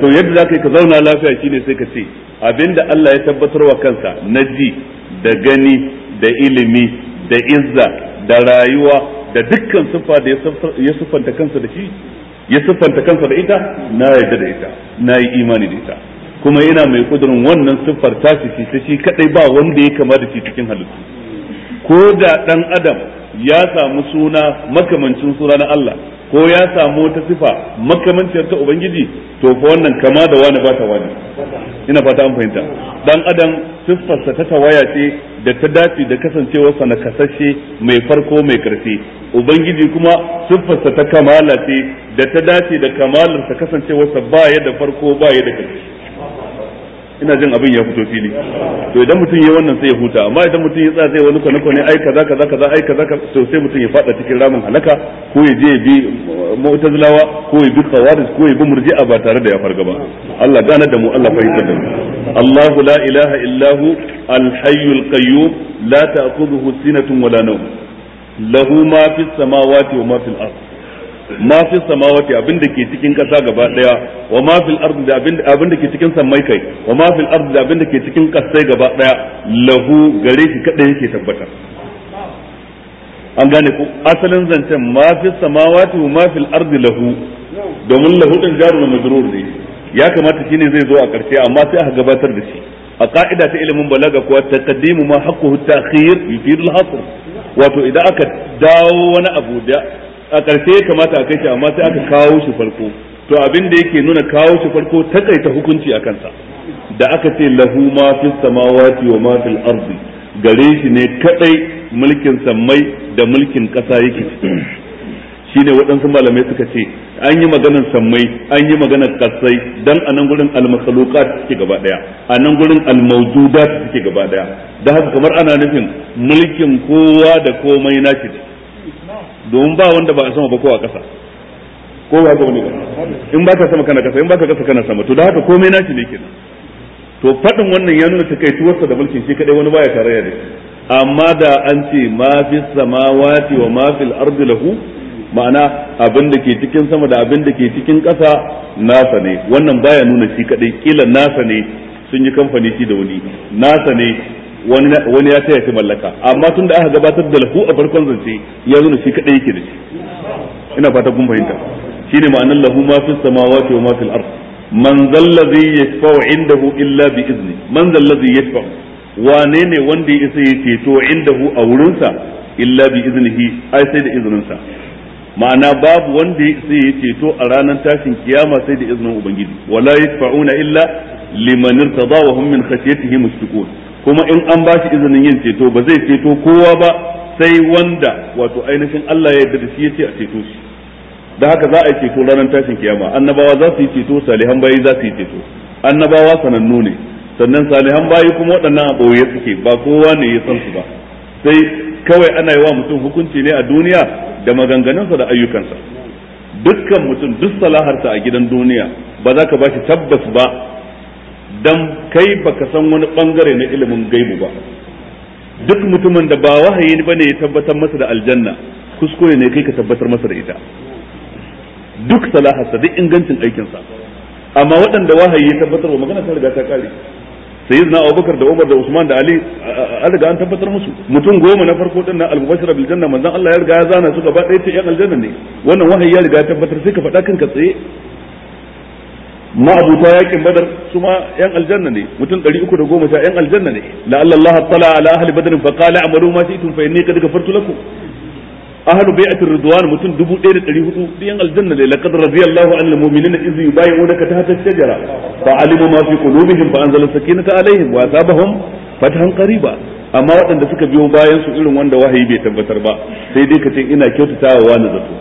to yadda zaka ka zauna lafiya shine sai ka ce abinda Allah ya tabbatar wa kansa na ji da gani da ilimi da izza da rayuwa da dukkan sifa da ya siffanta kansa da shi ya sifanta kansa da ita na yarda da ita na yi imani da ita kuma yana mai kudurin wannan siffar tashi shi ta shi kadai ba wanda ya kama da shi cikin halittu ko da dan adam ya samu suna makamancin suna na Allah ko ya samu wata sifa makamanciyar ta ubangiji to fa wannan kama da wani ba ta wani ina fata an fahimta dan adam siffarsa ta tawaya ce da ta dace da sa na kasashe mai farko mai karfi ubangiji kuma siffarsa ta kamala ce da ta dace da kamalar kasancewar sa ba ya da farko ba ya da karfi ina jin abin ya fito fili to idan mutum ya wannan sai ya huta amma idan mutum ya tsaya zai wani kwana kwana ai kaza kaza kaza ai kaza to sai mutum ya fada cikin ramin halaka ko ya je bi mu'tazilawa ko ya bi khawarij ko ya bi murji'a ba tare da ya farga ba Allah gane da mu Allah fahimtar da mu Allahu la ilaha illa hu al-hayyul qayyum la ta'khudhuhu sinatun wala nawm lahu ma fis samawati wa ma fil ardh ma fi samawati abinda ke cikin kasa gaba daya wa ma fil ardi da abinda ke cikin sammai kai wa ma fil ardi da abinda ke cikin ƙasai gaba daya lahu gare shi kadai yake tabbata an gane ku asalin zancen ma fi samawati wa ma fil ardi lahu domin lahu din na majrur ne ya kamata shine zai zo a karshe amma sai aka gabatar da shi a ka'ida ta ilimin balaga kuwa kaddimu ma haqquhu ta'khir yufidul hasr wato idan aka dawo wani abu da a ƙarshe ya kamata a kai shi amma sai aka kawo shi farko to abin da yake nuna kawo shi farko takaita hukunci a kansa da aka ce lahu ma fi samawati wa ma fil ardi gare shi ne kadai mulkin sammai da mulkin kasa yake shine waɗansu malamai suka ce an yi maganar sammai an yi maganar kasai dan a nan gurin almakhluqat suke gaba daya a nan gurin almawjudat suke gaba daya da haka kamar ana nufin mulkin kowa da komai nashi ne domin ba wanda ba a sama ba ko a ƙasa ko ba ga wani ba in ba ka sama kana ƙasa in ba ka ƙasa kana sama to da haka komai nashi ne kenan to faɗin wannan ya nuna takaituwarsa da mulkin shi kadai wani baya tarayya da shi amma da an ce ma fi samawati wa ma fil ardi lahu ma'ana abin da ke cikin sama da abin da ke cikin ƙasa nasa ne wannan baya nuna shi kadai kila nasa ne sun yi kamfani shi da wani nasa ne wani ya taya shi mallaka amma tun da aka gabatar da lafu a farkon zance ya zo shi kadai yake da shi ina fata kun fahimta shine ma'anar lahu ma fis samawati wa ma fil ard man zallazi yashfa'u indahu illa bi izni man zallazi yashfa'u wane ne wanda ya isa ya ceto indahu a wurinsa illa bi iznihi ai sai da sa. ma'ana babu wanda ya isa ya ceto a ranar tashin kiyama sai da izinin ubangiji wala yashfa'una illa liman irtada wa hum min khashyatihi mushrikun kuma in an ba shi izinin yin ceto ba zai ceto kowa ba sai wanda wato ainihin Allah ya yarda da shi yace a ceto shi da haka za a yi ceto ranar tashin kiyama annabawa za su yi ceto salihan bayi za su yi ceto annabawa sanannu ne sannan salihan bayi kuma waɗannan a ɓoye suke ba kowa ne ya san su ba sai kawai ana yi wa mutum hukunci ne a duniya da maganganunsa da ayyukansa dukkan mutum duk salaharsa a gidan duniya ba za ka ba shi tabbas ba dan kai baka san wani bangare na ilimin gaibu ba duk mutumin da ba wahayi bane ya tabbatar masa da aljanna kuskure ne kai ka tabbatar masa da ita duk salaharsa duk ingancin aikinsa amma waɗanda wahayi ya tabbatar wa magana ta riga ta kare sayyidina abubakar da umar da usman da ali a riga an tabbatar musu mutum goma na farko din na al-mubashir bil janna Allah ya riga ya zana su gaba ɗaya ta yan aljanna ne wannan wahayi ya riga ya tabbatar sai ka faɗa kanka tsaye ma'abuta yakin badar su ma yan aljanna ne mutum ɗari uku da goma 310 yan aljanna ne la'alla Allah tala ala ahli badr fa qala amalu ma shi'tum fa inni qad ghafartu lakum ahlu bai'atir ridwan mutum 1400 duk yan aljanna ne laqad radiyallahu anil mu'minina iz yubayyi'unaka tahta ash-shajara fa alimu ma fi qulubihim fa anzala sakinata alaihim wa asabahum fathan qariba amma waɗanda suka biyo bayan su irin wanda wahayi bai tabbatar ba sai dai ka ce ina kyautatawa wani zato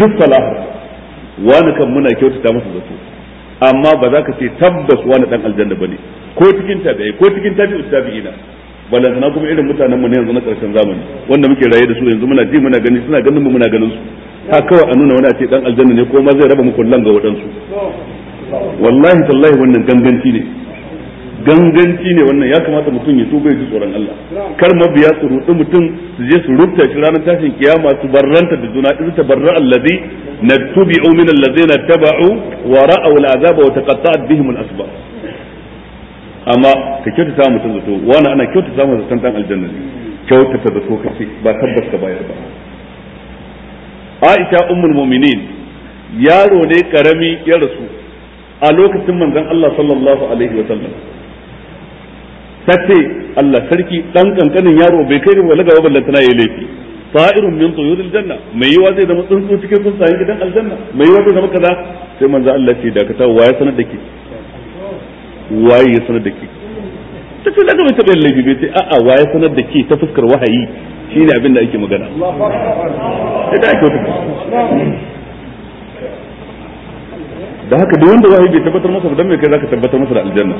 duk salahu wani kan muna kyautata masa zato amma ba za ka ce tabbas wani dan aljanna bane ko cikin tabi'i ko cikin tabi'u tabi'ina sanan kuma irin mutanen mu ne yanzu na karshen zamani wanda muke raye da su yanzu muna ji muna gani suna ganin mu muna ganin su ha kawai a nuna wani a ce dan aljanna ne ko ma zai raba mu kullan ga wadansu wallahi tallahi wannan ganganci ne ganganci ne wannan ya kamata mutum ya tuba ya ji tsoron Allah kar mabiya su rudu mutum su je su rubuta shi ranar tashin kiyama su barranta da juna irta barra allazi nattubi'u min allazina taba'u wa ra'aw al'azaba wa taqatta'at bihim al'asbab amma ka kyauta sa mutum zato wani ana kyautata masa zaton dan aljanna kyautata zato kace ba tabbas ka bayar ba Aisha ummul mu'minin yaro ne karami ya rasu a lokacin manzon Allah sallallahu alaihi wa sallam ta ce Allah sarki dan kankanin yaro bai kai ba lagawa ba lantana yayi laifi sa'irun min tuyuril janna mai yiwa zai zama tsuntsu cikin tsuntsayen gidan aljanna mai yiwa zai zama kaza sai manzo Allah ce da ka ta waye sanar da ke waye ya sanar da ke ta ce daga bai taɓa yin laifi bai ce a'a waye sanar da ke ta fuskar wahayi shine abin da ake magana da ta ake wata da haka duk wanda wahayi bai tabbatar masa ba dan me kai zaka tabbatar masa da aljanna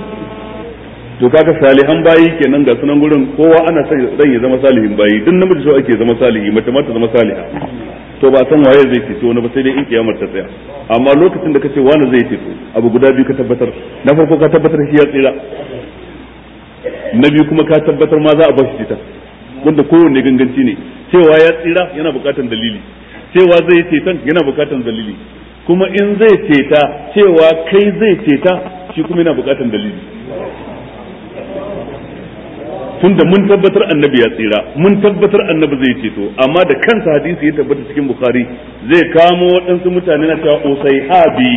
to kaga salihan bayi kenan ga sunan gurin kowa ana son dan ya zama salihin bayi duk namiji so ake zama salihi mace ma ta zama saliha to ba san waye zai fito na ba sai dai in kiyamar ta tsaya amma lokacin da kace wani zai fito abu guda biyu ka tabbatar na farko ka tabbatar shi ya tsira na biyu kuma ka tabbatar ma za a bashi cita wanda kowanne ganganci ne cewa ya tsira yana bukatan dalili cewa zai cetan yana bukatan dalili kuma in zai ceta cewa kai zai ceta shi kuma yana bukatan dalili tunda mun tabbatar annabi ya tsira mun tabbatar annabi zai ceto amma da kansa hadisi ya tabbata cikin bukhari zai kamo waɗansu mutane na cewa habi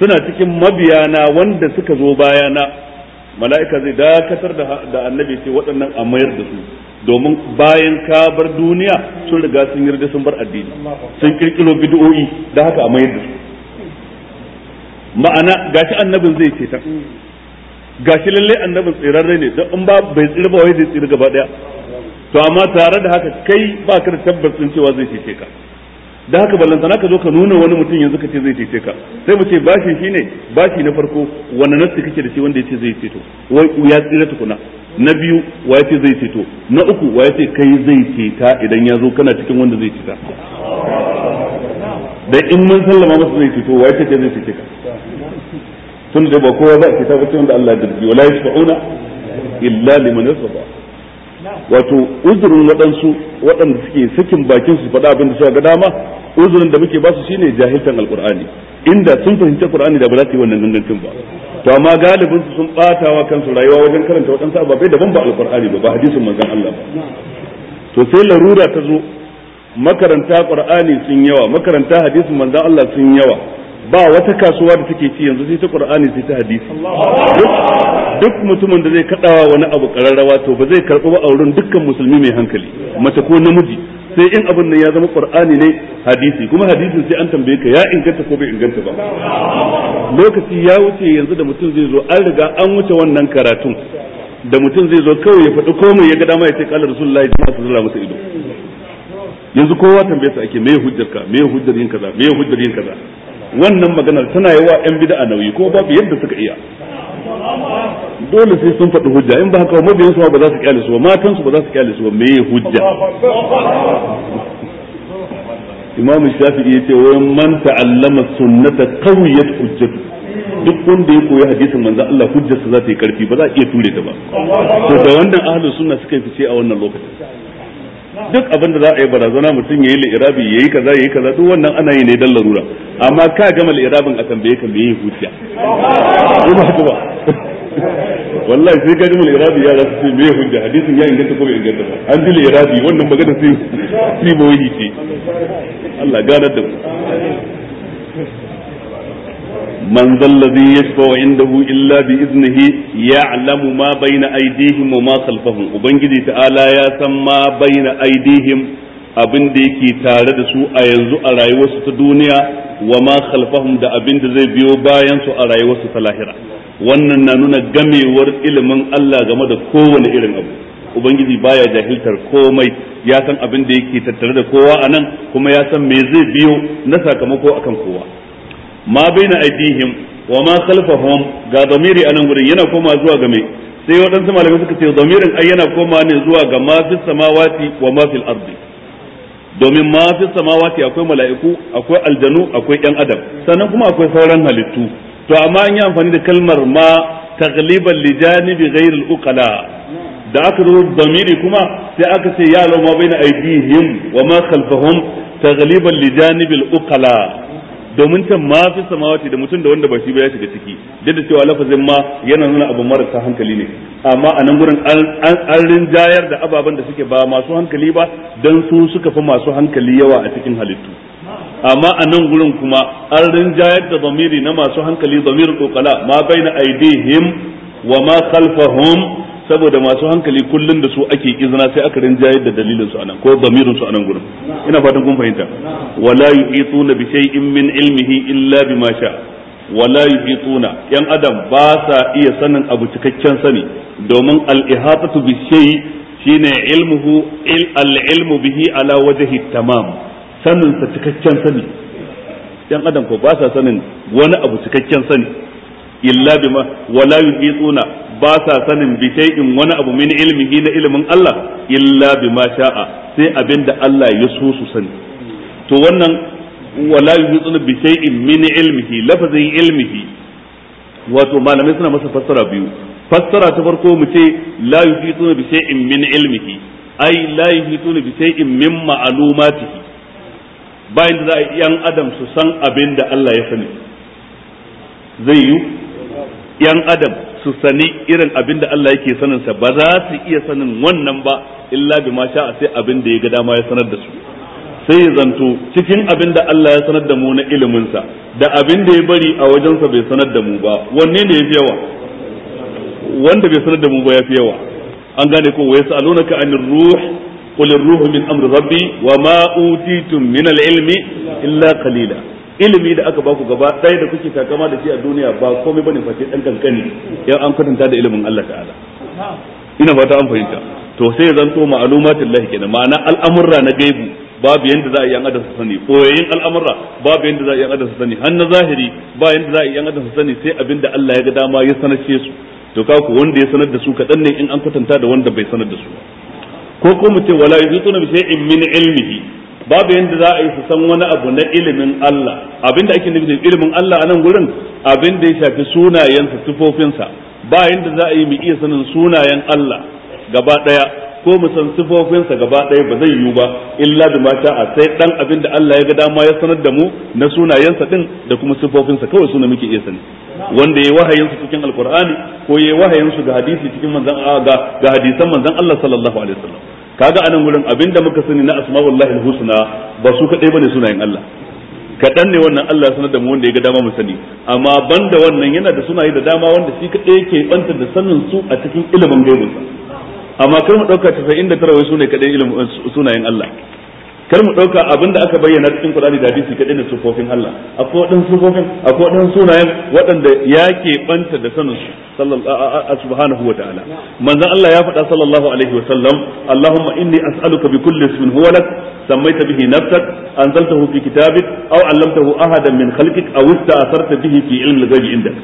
suna cikin mabiyana wanda suka zo bayana mala'ika zai dakatar da annabi ce waɗannan a mayar da su domin bayan ka bar duniya sun riga sun yarda sun bar addini sun kirkiro bid'o'i da haka a mayar da su ma'ana gashi annabin zai ce ta Ga gashi lalle annabin tsirarre ne don in ba bai tsira ba wai zai tsira gaba daya to amma tare da haka kai ba ka da tabbacin cewa zai cece ka da haka balansana ka zo ka nuna wani mutum yanzu ka ce zai cece ka sai mu ce bashi shine bashi na farko wanda nasu kake da shi wanda ya ce zai ceto wai ya tsira tukuna na biyu wa ya ce zai ceto na uku wa ya ce kai zai ceta idan ya zo kana cikin wanda zai ceta da in mun sallama masa zai ceto wa ya ce zai ceta ka tun da ba kowa za a kita ba wanda Allah ya dirki wala ba'una illa liman yarda wato uzurin waɗansu waɗanda suke sakin bakin su faɗa abin da suka ga dama uzurin da muke basu shine jahiltan alqur'ani inda sun fahimci qur'ani da ba za su yi wannan gangancin ba to amma galibin su sun batawa kansu rayuwa wajen karanta waɗansu ababai daban ba alqur'ani ba ba hadisin manzon Allah ba to sai larura ta zo makaranta qur'ani sun yawa makaranta hadisin manzon Allah sun yawa ba wata kasuwa da take ci yanzu sai ta qur'ani sai ta hadisi duk mutumin da zai kadawa wani abu kararrawa to ba zai karɓi ba a wurin dukkan musulmi mai hankali mace ko namiji sai in abin nan ya zama qur'ani ne hadisi kuma hadisin sai an tambaye ka ya inganta ko bai inganta ba lokaci ya wuce yanzu da mutum zai zo an riga an wuce wannan karatun da mutum zai zo kawai ya faɗi komai ya ga dama ya ce kala rasulullahi jama'a su zura masa ido yanzu kowa tambaye su ake me hujjar ka me hujjar yin kaza me hujjar yin kaza wannan maganar tana yi wa yan bid'a nauyi ba babu yadda suka iya dole sai sun faɗi hujja in ba haka mabiyan su ba za su kyale su ba matan su ba za su kyale su ba me hujja imamu iya ce wa man ta'allama sunnata qawiyat hujjatu duk wanda ya koya hadisin manza Allah hujjarsa za ta yi karfi ba za a iya ture ta ba to da wannan ahlus sunna suka fice a wannan lokacin duk abin da za a yi barazana mutum yayi li'irabi yi kaza ya yi kaza duk wannan ana yi ne dan larura amma ka gama li'irabin a tambaye ka meye yi hujja wallahi sai ka gama li'irabi ya rasu sai meye hujja hadisin ya inganta ko bai inganta ba an ji li'irabi wannan magana sai sai [laughs] boyi ce Allah ganar da ku. من ذا الذي indahu illa bi iznihi يعلم ma baina aydihim wa ma وبنجدي ubangiji ta'ala ya san ma baina abin da yake tare da su a yanzu a rayuwarsu ta duniya wa ma khalfahum da abin da zai biyo bayan su a rayuwarsu ta lahira wannan na nuna gamewar ilimin Allah game da kowane irin abu ubangiji baya jahiltar komai ya san abin da yake tattare da kowa anan kuma ya san me zai biyo na sakamako akan kowa ma baina aidihim wa ma khalfahum ga damiri anan gurin yana koma zuwa ga sai waɗansu malamai suka ce damirin ai yana koma ne zuwa ga ma fis samawati wa ma fil ardi domin ma fis samawati akwai mala'iku akwai aljanu akwai yan adam sannan kuma akwai sauran halittu to amma an yi amfani da kalmar ma tagliban li janibi ghayr al da aka zo damiri kuma sai aka ce ya lauma baina aidihim wa ma khalfahum tagliban li janibi al domin can ma fi samawati da mutum da wanda ba shi ba ya shiga ciki duk da cewa lafazin ma yana nuna abu marasa hankali ne amma a nan gurin an rinjayar da ababen da suke ba masu hankali ba dan su suka fi masu hankali yawa a cikin halittu amma a nan gurin kuma an rinjayar da zamiri na masu hankali zamirin kokala ma baina aidihim wa ma khalfahum saboda masu hankali kullun da su ake izina sai aka rinjayar da dalilin su anan ko zamirin su anan gurin ina fatan kun fahimta wala yuhituna bi shay'in min ilmihi illa bima sha wala yuhituna yan adam ba sa iya sanin abu cikakken sani domin al-ihatatu bi shine ilmuhu il al-ilmu bihi ala wajhi tamam sanin sa cikakken sani yan adam ko ba sa sanin wani abu cikakken sani illa bima wala yuhituna ba sa sanin bi shay'in wani abu min ilmihi na ilimin Allah illa bima sha'a sai abin da Allah ya so su sani to wannan wala yuhituna bi shay'in min ilmihi lafazin ilmihi wato malamai suna masa fassara biyu fassara ta farko mu ce la yuhituna bi shay'in min ilmihi ai la yuhituna bi shay'in min ma'lumatihi bayan da yan adam su san abin da Allah ya sani zai yi yan adam su sani irin abin da Allah yake sanin sa ba za su iya sanin wannan ba illa bi sha sai abin da ya ga dama ya sanar da su sai ya zanto cikin abin da Allah ya sanar da mu na ilimin sa da abin da ya bari a wajen sa bai sanar da mu ba wanne ne yafi yawa wanda bai sanar da mu ba yafi yawa an gane ko wa yasalunaka anir ruh qul ruhu min amri rabbi wa ma utitum min al-ilmi illa qalila ilimi da aka baku gaba ɗaya da kuke takama da shi a duniya ba komai bane face dan kankani Yau an kwatanta da ilimin Allah ta'ala ina fata an fahimta to sai zan to ma'alumatin lahi kenan ma'ana al'amurra na gaibu babu yanda za a yi an adasa sani boyayyin al'amurra babu yanda za a yi an adasa sani har na zahiri ba yanda za a yi an adasa sani sai abinda Allah ya ga dama ya sanace su to ka ku wanda ya sanar da su kaɗan ne in an kwatanta da wanda bai sanar da su ko ko mu ce wala yuzuna bi shay'in min ilmihi babu yadda za a yi su san wani abu na ilimin Allah abinda ake nufi da ilimin Allah a nan gurin abin ya shafi sunayensa sifofinsa ba yadda za a yi mu iya sanin sunayen Allah gaba daya ko mu san sifofinsa gaba daya ba zai yiwu ba illa da mata a sai dan abin da Allah ya ga dama ya sanar da mu na sunayensa din da kuma sifofinsa kawai suna muke iya sani wanda yayi wahayin su cikin alqur'ani ko yayi wahayin su ga hadisi cikin manzon ga hadisan manzon Allah sallallahu alaihi wasallam kaga anan gurin abinda muka sani na asma'ullahi husna ba su kadai bane sunayen Allah kaɗan ne wannan Allah sanar da mu wanda ya ga dama mu sani amma banda wannan yana da sunaye da dama wanda shi kadai yake banta da sanin su a cikin ilimin gaibinsa amma kar mu dauka 99 wai sune kadai ilimin sunayen Allah kar mu dauka abin da aka bayyana cikin Qur'ani da hadisi kadai ne sufofin Allah akwai wadan sufofin akwai wadan sunayen waɗanda ya ke banta da sanin su sallallahu subhanahu wataala manzon Allah ya faɗa sallallahu alaihi wasallam Allahumma inni as'aluka bi kulli ismin huwa lak sammaita bihi nafsak anzaltahu fi kitabik aw 'allamtahu ahadan min khalqik aw ista'sarta bihi fi ilmi al-ghaibi indak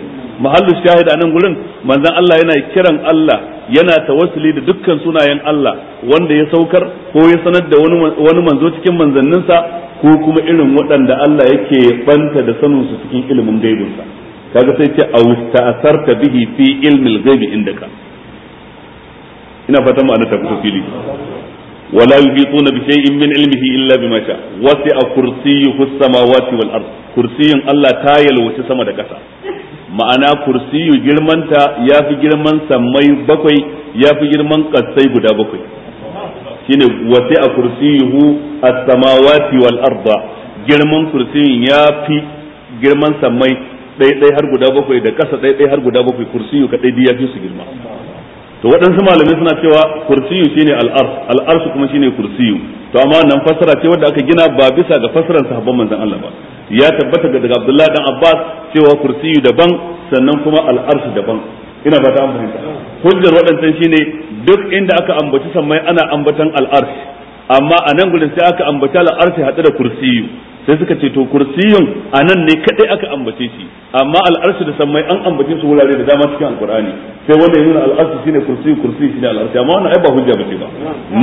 mahallu shahid a nan gurin manzon Allah yana kiran Allah yana tawassuli da dukkan sunayen Allah wanda ya saukar ko ya sanar da wani manzo cikin manzanninsa ko kuma irin waɗanda Allah yake banta da sanin su cikin ilimin gaibinsa kaga sai ce aw bihi fi ilmil ghaibi indaka ina fatan ma'ana ta kusa fili ولا يحيطون بشيء من علمه الا بما شاء samawati wal ard والارض Allah الله تايل sama da kasa ma'ana kursiyu girmanta ya fi girman sammai bakwai ya fi girman kasai guda bakwai shine wasai a kursiyuhu as-samawati wal arda girman kursiyin ya fi girman sammai ɗaiɗai har guda bakwai da ƙasa ɗaiɗai har guda bakwai kursiyu kaɗai ya fi su girma to waɗansu malamai suna cewa kursiyu shine al'ars al'arsu kuma shine kursiyu to amma nan fasara ce wadda aka gina ba bisa ga fasaran sahabban manzon Allah ba ya tabbata daga Abdullah dan Abbas cewa kursiyu daban sannan kuma al'arshi daban ina ba ta amfani hujjar waɗancan shine duk inda aka ambaci sammai ana ambatan al'arshi amma a nan gudun sai aka ambaci al'arshi haɗe da kursiyu sai suka ce to kursiyun a nan ne kaɗai aka ambace shi amma al'arshi da sammai an ambace su wurare da dama cikin alkur'ani sai wanda ya nuna al'arshi shine kursiyu kursiyu shine al'arshi amma wannan ai ba hujja bace ba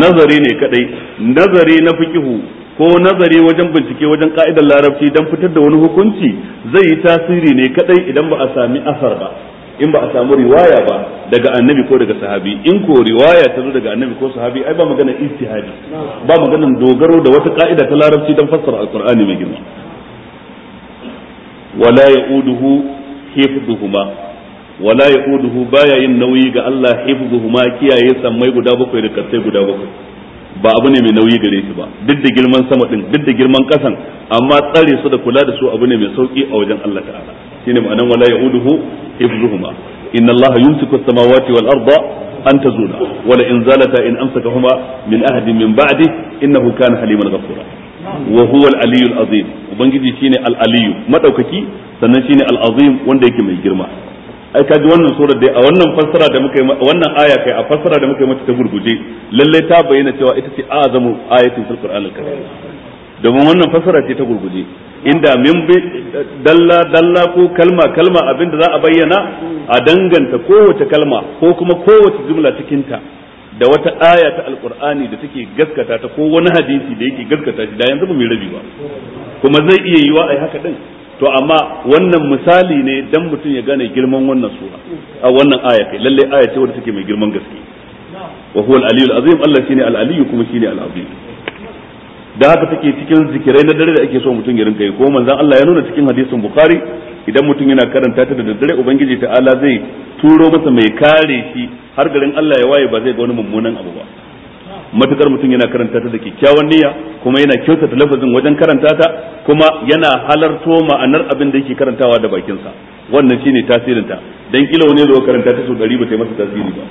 nazari ne kaɗai nazari na fiqihu ko nazari wajen bincike wajen ka'idar larabci dan fitar da wani hukunci zai yi tasiri ne kadai idan ba a sami asar ba in ba a samu riwaya ba daga annabi ko daga sahabi in ko riwaya ta zo daga annabi ko sahabi ai ba magana ijtihadi ba maganan dogaro da wata ka'ida ta larabci don fassara alqur'ani mai girma wala yauduhu hifdhuhuma wala yauduhu baya yin nauyi ga Allah hifdhuhuma kiyaye sammai guda bakwai da kasai guda bakwai ba abu ne mai nauyi gare shi ba duk da girman sama din duk da girman kasan amma tsare su da kula da su abu ne mai sauki a wajen Allah ta'ala shine ma'anan wala ya'uduhu hifzuhuma inna Allah yumsiku as-samawati wal arda an tazula wala in zalata in amsakahuma min ahadin min ba'di innahu kana haliman ghafura wa huwa al-aliyyul azim ubangiji shine al-aliyyu madaukaki sannan shine al-azim wanda yake mai girma ai ka ji wannan surar dai a wannan fassara da muka yi wannan aya kai a fassara da muka yi mata ta gurguje lalle ta bayyana cewa ita ce azamu ayatin fil qur'an al-karim domin wannan fassara ce ta gurguje inda min bi dalla dalla ko kalma kalma abinda za a bayyana a danganta kowace kalma ko kuma kowace jumla cikin ta da wata aya ta alqur'ani da take gaskata ta ko wani hadisi da yake gaskata shi da yanzu ba mai rabi ba kuma zai iya yiwa ai haka din to amma wannan misali ne dan mutum ya gane girman wannan sura a wannan aya kai lalle aya ce wadda take mai girman gaske wa huwa al-aliyyu azim Allah shine al-aliyyu kuma shine al-azim da haka take cikin zikirai na dare da ake so mutum ya rinka yi ko manzon Allah ya nuna cikin hadisin bukhari idan mutum yana karanta ta da daddare ubangiji ta'ala zai turo masa mai kare shi har garin Allah ya waye ba zai ga wani mummunan abu ba matukar mutum yana karanta ta da kyakkyawan niyya kuma yana kyautata lafazin wajen karanta ta kuma yana halarto ma'anar abin da yake karantawa da bakinsa wannan shine tasirin ta dan kila wani zo karanta ta so 100 ba ta masa tasiri ba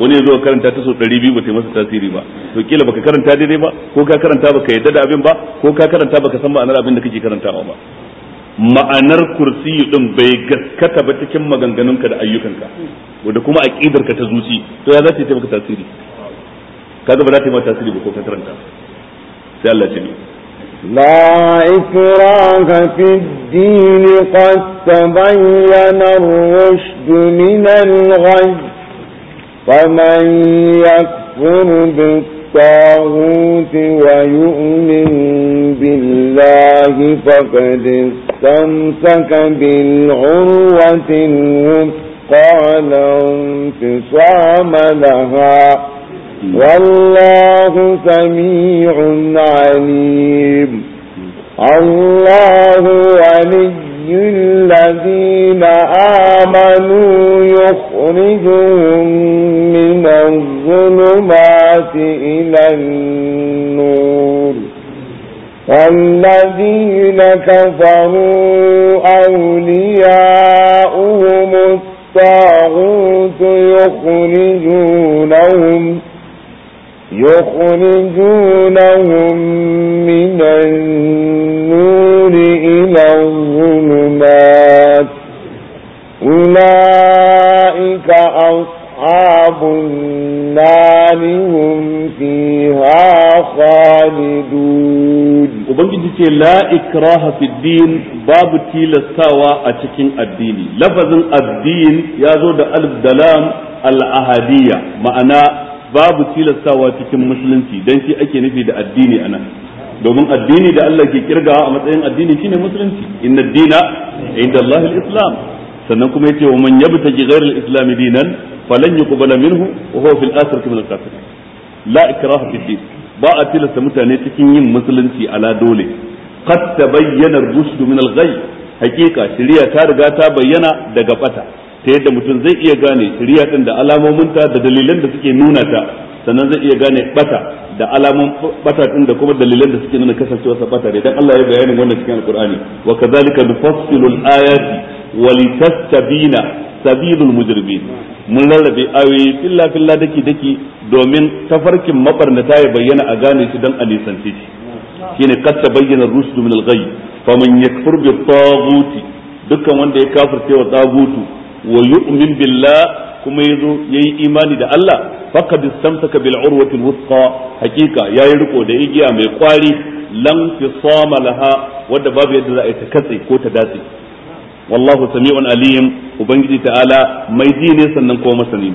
wani zo karanta ta so 200 ba ta masa tasiri ba to kila baka karanta daidai ba ko ka karanta baka yadda da abin ba ko ka karanta baka san ma'anar abin da kake karantawa ba ma'anar kursi din bai gaskata ba cikin maganganunka da ayyukanka wanda kuma aqidarka ta zuci to ya za ta yi tasiri kaga ba za ta yi mata tasiri ba ko ka karanta sai Allah ya ce لا إكراه في الدين قد تبين الرشد من الغي فمن يكفر بالطاغوت ويؤمن بالله فقد استمسك بالعروة الوثقى لا انفصام لها والله سميع عليم الله ولي الذين آمنوا يخرجهم من الظلمات إلى النور والذين كفروا أولياؤهم الطاغوت يخرجونهم يخرجونهم من النور إلى الظلمات أولئك أصحاب النار هم فيها خالدون وبنجد لا إكراه في الدين باب الساوى أتكين الدين لفظ الدين يزود ألف دلام الأهدية معناه babu tilastawa cikin musulunci dan shi ake nufi da addini anan domin addini da Allah ke kirgawa a matsayin addini shine musulunci inna dina inda Allah islam sannan kuma yace wa man yabtaji ghayra al-islam dinan falan yuqbala minhu wa huwa fil akhirati min al-kafir la ikraha fi din ba a tilasta mutane cikin yin musulunci ala dole qad tabayyana ar-rushd min al hakika shari'a ta riga ta bayyana daga bata ta yadda mutum zai iya gane riya din da alamominta da dalilan da suke nuna ta sannan zai iya gane bata da alamun bata din da kuma dalilan da suke nuna kasancewa sa bata dai dan Allah ya bayani wannan cikin alqur'ani wa kadhalika nufassilu al-ayati wa litastabina sabilul mujrimin mun rarrabe ayoyi filla filla daki daki domin tafarkin mabarnata ya bayyana a gane shi dan a nisance shi shine kad tabayyana ar-rusd min al-ghayb faman yakfur bi-taghut dukkan wanda ya kafirce wa tsagutu wa umin billah kuma yazo yi imani da Allah faqad istamsaka bil urwati wuthqa hakika yayi riko da igiya mai ƙwari lan fisama laha wadda babu yadda za a yi ta katse ko ta datse wallahu sami'un alim ubangiji ta'ala mai ji ne sannan kuma masani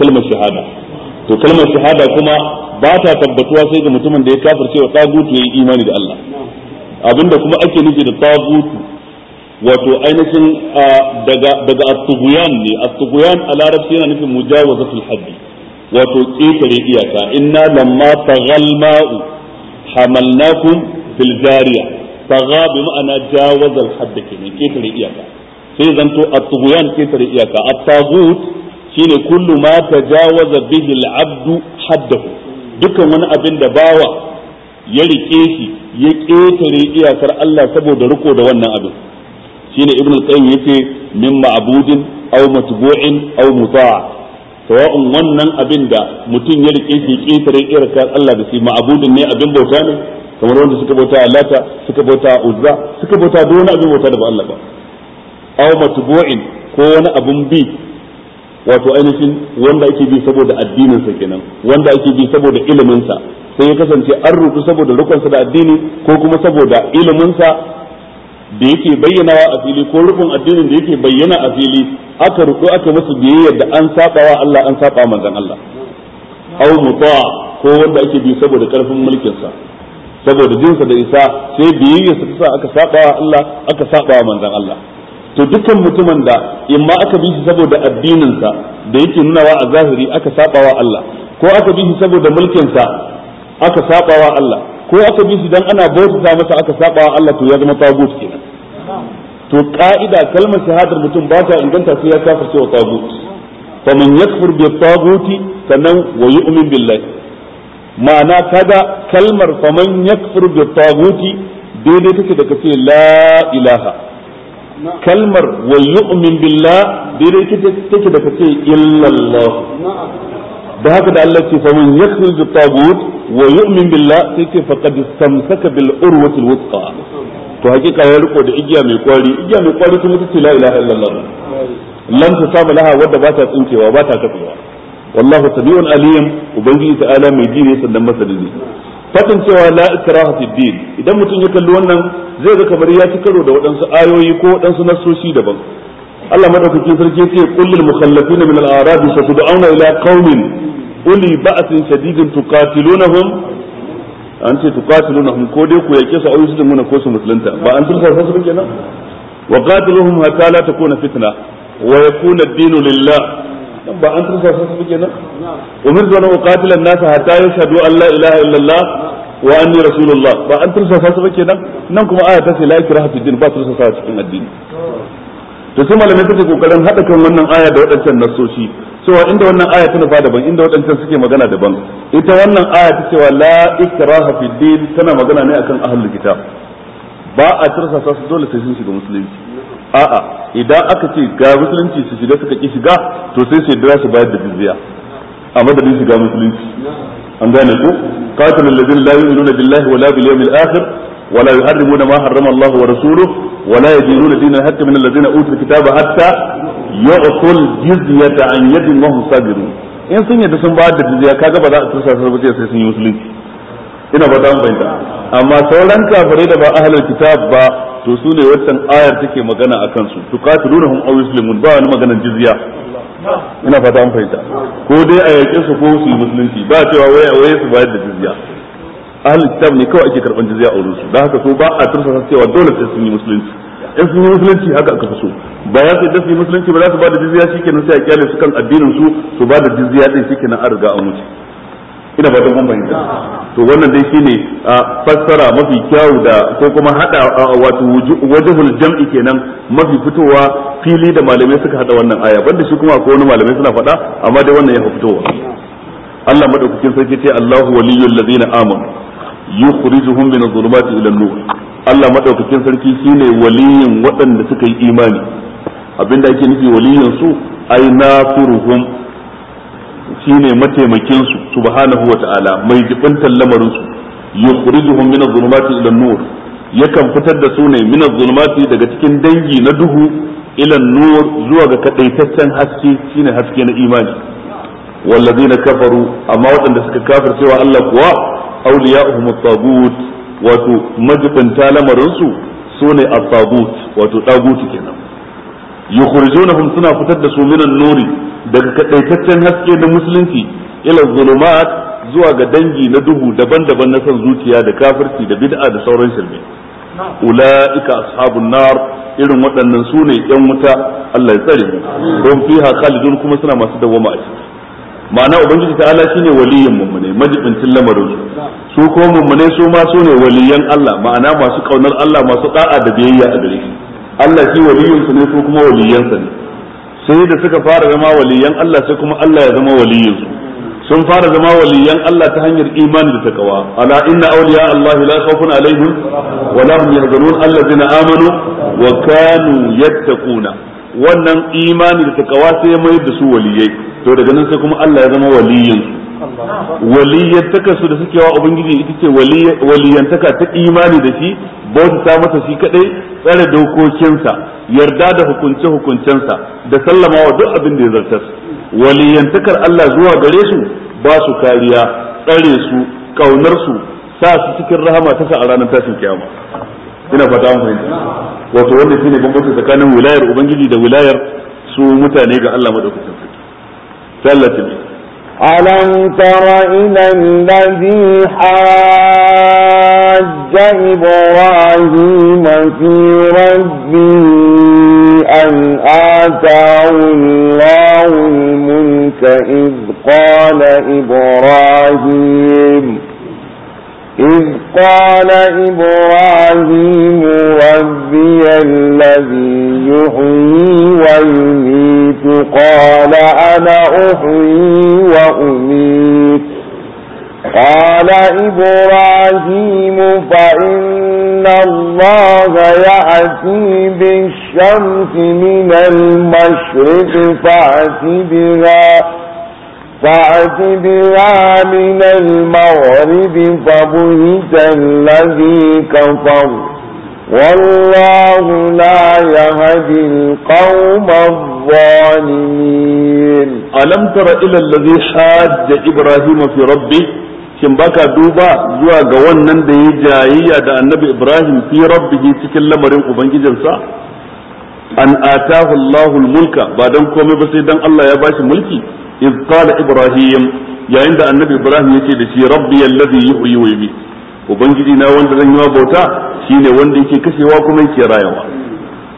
kalmar shahada to kalmar shahada kuma ba ta tabbatuwa sai ga mutumin da ya kafirce wa tagutu ya yi imani da Allah abinda kuma ake nufi da tagutu wato ainihin daga daga ne at a larabci yana nufin mujawazatul haddi wato ƙetare iyaka inna lamma taghal ma'u hamalnakum fil jariya tagha bi ma'ana jawazal hadd kenan ƙetare iyaka sai zanto at-tughyan ƙetare iyaka at shine kullu ma tajawaza bihi al-abdu haddahu dukan wani abin da bawa ya rike shi ya ketare iyakar Allah saboda riko da wannan abin shine ibn al-qayyim yace min ma'budin aw matbu'in aw muta' sawa'un wannan abin da mutum ya rike shi ketare iyakar Allah da shi ma'budin ne abin bauta ne kamar wanda suka bauta lata suka bauta uzza suka bauta duk wani abin bauta da ba Allah ba aw matbu'in ko wani abun bi wato ainihin wanda ake bi saboda addinin sa kenan wanda ake bi saboda iliminsa, sai ya kasance an rutu saboda rukun da addini ko kuma saboda iliminsa da yake bayyanawa a fili ko rukun addinin da yake bayyana a fili aka rutu aka masa biyayya da an wa Allah an saba manzon Allah aw muta ko wanda ake bi saboda karfin mulkin saboda jinsa da isa sai biyayya sa aka saba Allah aka saba manzon Allah to dukkan mutumin da in ma aka bi shi saboda addininsa da yake nunawa a zahiri aka saba wa Allah ko aka bi shi saboda mulkinsa aka saba wa Allah ko aka bi shi dan ana bautata masa aka saba wa Allah to ya zama tagut kenan to ka'ida kalmar shahadar mutum ba ta inganta sai ya kafirce wa tagut fa man yakfur bi taguti sannan wa yu'min billahi ma'ana kaga kalmar fa faman yakfur bi taguti daidai take da kace la ilaha kalmar wa yu'min billah take da kace illallah da haka da Allah ce fa man yakfur bi tagut wa yu'min billah sai ce faqad istamsaka bil wuthqa to hakika ya riko da igiya mai kwari igiya mai kwari kuma tace la ilaha illallah lam tusaba laha wadda ba ta tsinkewa ba ta kafewa wallahu sami'un alim ubangiji ta'ala mai ji ne sannan masani fadin cewa la ikraha fid din idan mutum ya kalli wannan zai ga kamar ya ci karo da waɗansu ayoyi ko waɗansu nasoshi daban Allah madaukakin sarki yace qul lil mukhallafina min al-a'rab satud'auna ila qaumin uli ba'sin shadidin tuqatilunahum an ce tuqatilunahum ko dai ku yake su ayyusu dimuna ko su musulunta ba an tursa su ba kenan wa qatiluhum hatta la takuna fitna wa yakuna ad-dinu lillah ba an tursa su suke nan umirtu da uqatila an-nas hatta yashhadu an la ilaha illallah wa anni rasulullah ba an tursa su suke nan nan kuma aya ta ce la ikraha fid din ba tursa su cikin addini to sai malamai suke kokarin hada kan wannan aya da waɗancan nasoshi cewa inda wannan aya ta nufa daban inda waɗancan suke magana daban ita wannan aya ta cewa la ikraha fid din tana magana ne akan ahlul kitab ba a tursasa su dole sai sun shiga musulunci a'a idan aka ce ga musulunci su shiga suka ki shiga to sai su yadda su bayar da jizya a madadin shiga musulunci an gane ku qatilul ladina la yu'minuna billahi wala bil yawmil akhir ولا يحرمون ما حرم الله ورسوله ولا يدينون دين الحق من الذين اوتوا الكتاب حتى يعطوا الجزية عن يد وهم صابرون in sun yadda sun bayar da jizya kaga ba za a tursa su ba sai sun yi musulunci ina ba ta fahimta amma sauran kafirai da ba ahlul kitab ba to su ne waccan ayar take magana a kansu to ka tuqatilunhum aw yuslimun ba wani maganar jizya ina fata an fahimta ko dai a yake su ko su musulunci ba cewa wai waye su bayar da jizya ahli kitab ne kawai ake karban jizya a wurinsu dan haka so ba a tursa cewa dole sai sun yi musulunci in sun yi musulunci haka aka fi so ba ya sai dafi musulunci ba za su ba da jizya shikenan sai a kyale su kan addinin su su ba da jizya din shikenan a riga a mutu. ina ba mun to wannan dai shine a fassara mafi kyau da ko kuma hada wato wajhul jam'i kenan mafi fitowa fili da malamai suka hada wannan aya banda shi kuma akwai wani malamai suna faɗa amma dai wannan ya fitowa Allah madaukakin sarki ce Allahu waliyul ladina amanu yukhrijuhum min adh-dhulumati ila an-nur Allah madaukakin sarki shine waliyin waɗanda suka yi imani abinda ake nufi waliyin su ay nasiruhum shine mataimakin su subhanahu wataala mai jibin lamarin su yukhrijuhum min adh-dhulumati ila an-nur yakan fitar da su ne min daga cikin dangi na duhu ila an zuwa ga kadaitaccen haske shine haske na imani na kafaru amma waɗanda suka kafir cewa Allah kuwa awliya'uhum at-taghut wato majibin lamarin su sune at-taghut wato taguti kenan yukhrijunahum suna fitar da su minan nuri daga kadaitaccen haske na musulunci ila zulumat zuwa ga dangi na duhu daban-daban na san zuciya da kafirci da bid'a da sauran shirme ulaika ashabun nar irin waɗannan su ne yan wuta Allah ya tsare don fiha khalidun kuma suna masu dawwama a ciki ma'ana ubangiji ta'ala shine waliyin mummune majibincin lamarin su ko mummune su ma su ne waliyan Allah ma'ana masu kaunar Allah masu da'a da biyayya a gare shi Allah shi waliyin su ne su kuma waliyan sa ne sai da suka fara zama waliyan Allah sai kuma Allah ya zama waliyin su sun fara zama waliyan Allah ta hanyar imani da takawa ala inna awliya Allah la khawfun alaihim wa la hum yahzanun allazina amanu wa kanu yattaquna wannan imani da takawa sai ya mayar da su waliyai to daga nan sai kuma Allah ya zama waliyin su waliyantaka su da suke wa ubangiji ita ce waliyantaka ta imani da shi bauta masa shi kadai tsare dokokinsa yarda da hukunce hukuncensa da sallama wa duk abin da ya zartar waliyantakar Allah zuwa gare su ba su kariya tsare su kaunar su sa su cikin rahama ta sa a ranar tashin kiyama ina fata an fahimta wato wanda shine bambanci tsakanin wilayar ubangiji da wilayar su mutane ga Allah madaukakin sarki sallatin ألم تر إلى الذي حاج إبراهيم في ربه أن آتاه الله الملك إذ قال إبراهيم إذ قال إبراهيم ربي الذي يحيي ويميت قال أنا أحيي وأميت قال إبراهيم فإن الله يأتي بالشمس من المشرق فأتي بها فأت بها من المغرب فبهت الذي كفر والله لا يهدي القوم الظالمين ألم تر إلى الذي حاج إبراهيم في ربه shin baka duba zuwa ga wannan da ya jayayya da annabi Ibrahim fi rabbihi cikin lamarin ubangijinsa an atahu Allahul mulka ba don komai ba sai dan Allah ya bashi mulki iz ibrahim yayin da annabi ibrahim ya ce da shi rabbi allazi yuhyi wa yumiit ubangiji na wanda zan yi wa bauta shine wanda yake kashewa kuma yake rayawa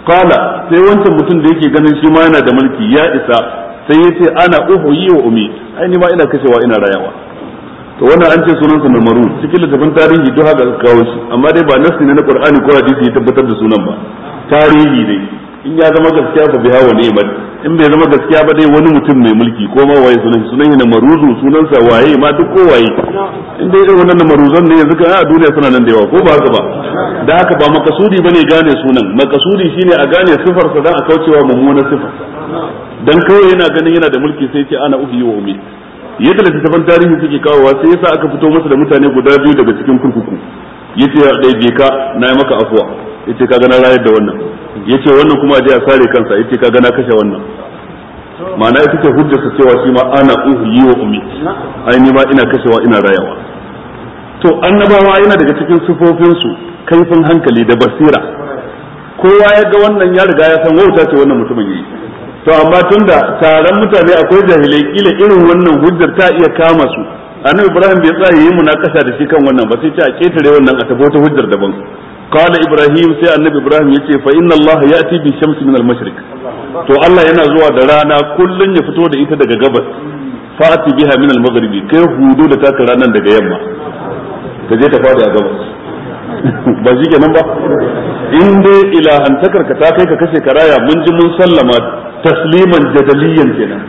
qala sai wancan mutum da yake ganin shi ma yana da mulki ya isa sai yace ana uhyi wa umi ai ma ina kashewa ina rayawa to wannan an ce sunansa marmaru cikin littafin tarihi duk haka kawo shi amma dai ba nasi ne na qur'ani ko hadisi ya tabbatar da sunan ba tarihi ne in ya zama gaskiya fa biha wa ni'mat in bai zama gaskiya ba dai wani mutum mai mulki ko ma waye sunan sunan yana maruzu sunansa waye ma duk ko waye in dai irin wannan maruzan ne yanzu a duniya suna nan da yawa ko ba haka ba da haka ba makasudi bane gane sunan makasudi shine a gane sifar sa dan a kaucewa mummunan sifar dan kawai yana ganin yana da mulki sai ce ana uhi wa umi yadda littattafan tarihi suke kawowa sai yasa aka fito masa da mutane guda biyu daga cikin kurkuku yace ya ɗaya beka na yi maka afuwa yace kaga na rayar da wannan yace wannan kuma a je a sare kansa yace kaga na kashe wannan ma'ana ita ce hujjarsa cewa shi ma ana yi wa ummi ai ni ma ina kashewa ina rayawa to annabawa yana daga cikin sufofin su kaifin hankali da basira kowa ya ga wannan ya riga ya san wauta ce wannan mutumin yi. to amma tunda taron mutane akwai jahilai kila irin wannan hujjar ta iya kama su annabi ibrahim bai tsaya yi munakasha da shi kan wannan ba sai ta a ketare wannan a tabo ta hujjar daban قال ibrahim sai annabi ibrahim يتي fa الله ياتي بالشمس من المشرق min al to allah yana zuwa da rana kullun ya fito da ita daga gabas Fati biha min al maghribi kai hudu da taka ranan daga yamma ta je ta fada a gabas [laughs] ba shi kenan ba in dai ilahantakar ka ta kai ka kashe karaya mun ji mun sallama tasliman jadaliyan kenan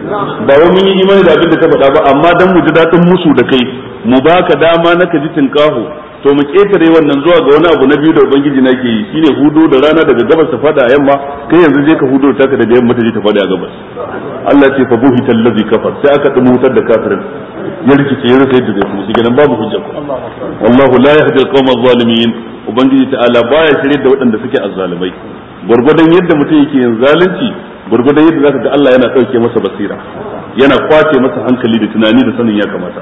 ba wai mun yi imani da abin da ka faɗa ba amma dan mu ji daɗin musu da kai mu baka dama na ka ji tinkaho to mu ketare wannan zuwa ga wani abu na biyu da ubangiji na ke yi shine hudu da rana daga gabas ta fada a yamma kai yanzu je ka hudu taka da yamma ta je ta fada a gabas Allah ce fa buhi tallazi kafar sai aka wutar da kafirin ya rikice ya rasa yadda zai kuma shi ganin babu hujja wallahu la yahdi alqawma zalimin ubangiji ta'ala baya shirye da waɗanda suke azzalimai gurgudan yadda mutum yake yin zalunci gurgudan yadda zaka ga Allah yana dauke masa basira yana kwace masa hankali da tunani da sanin ya kamata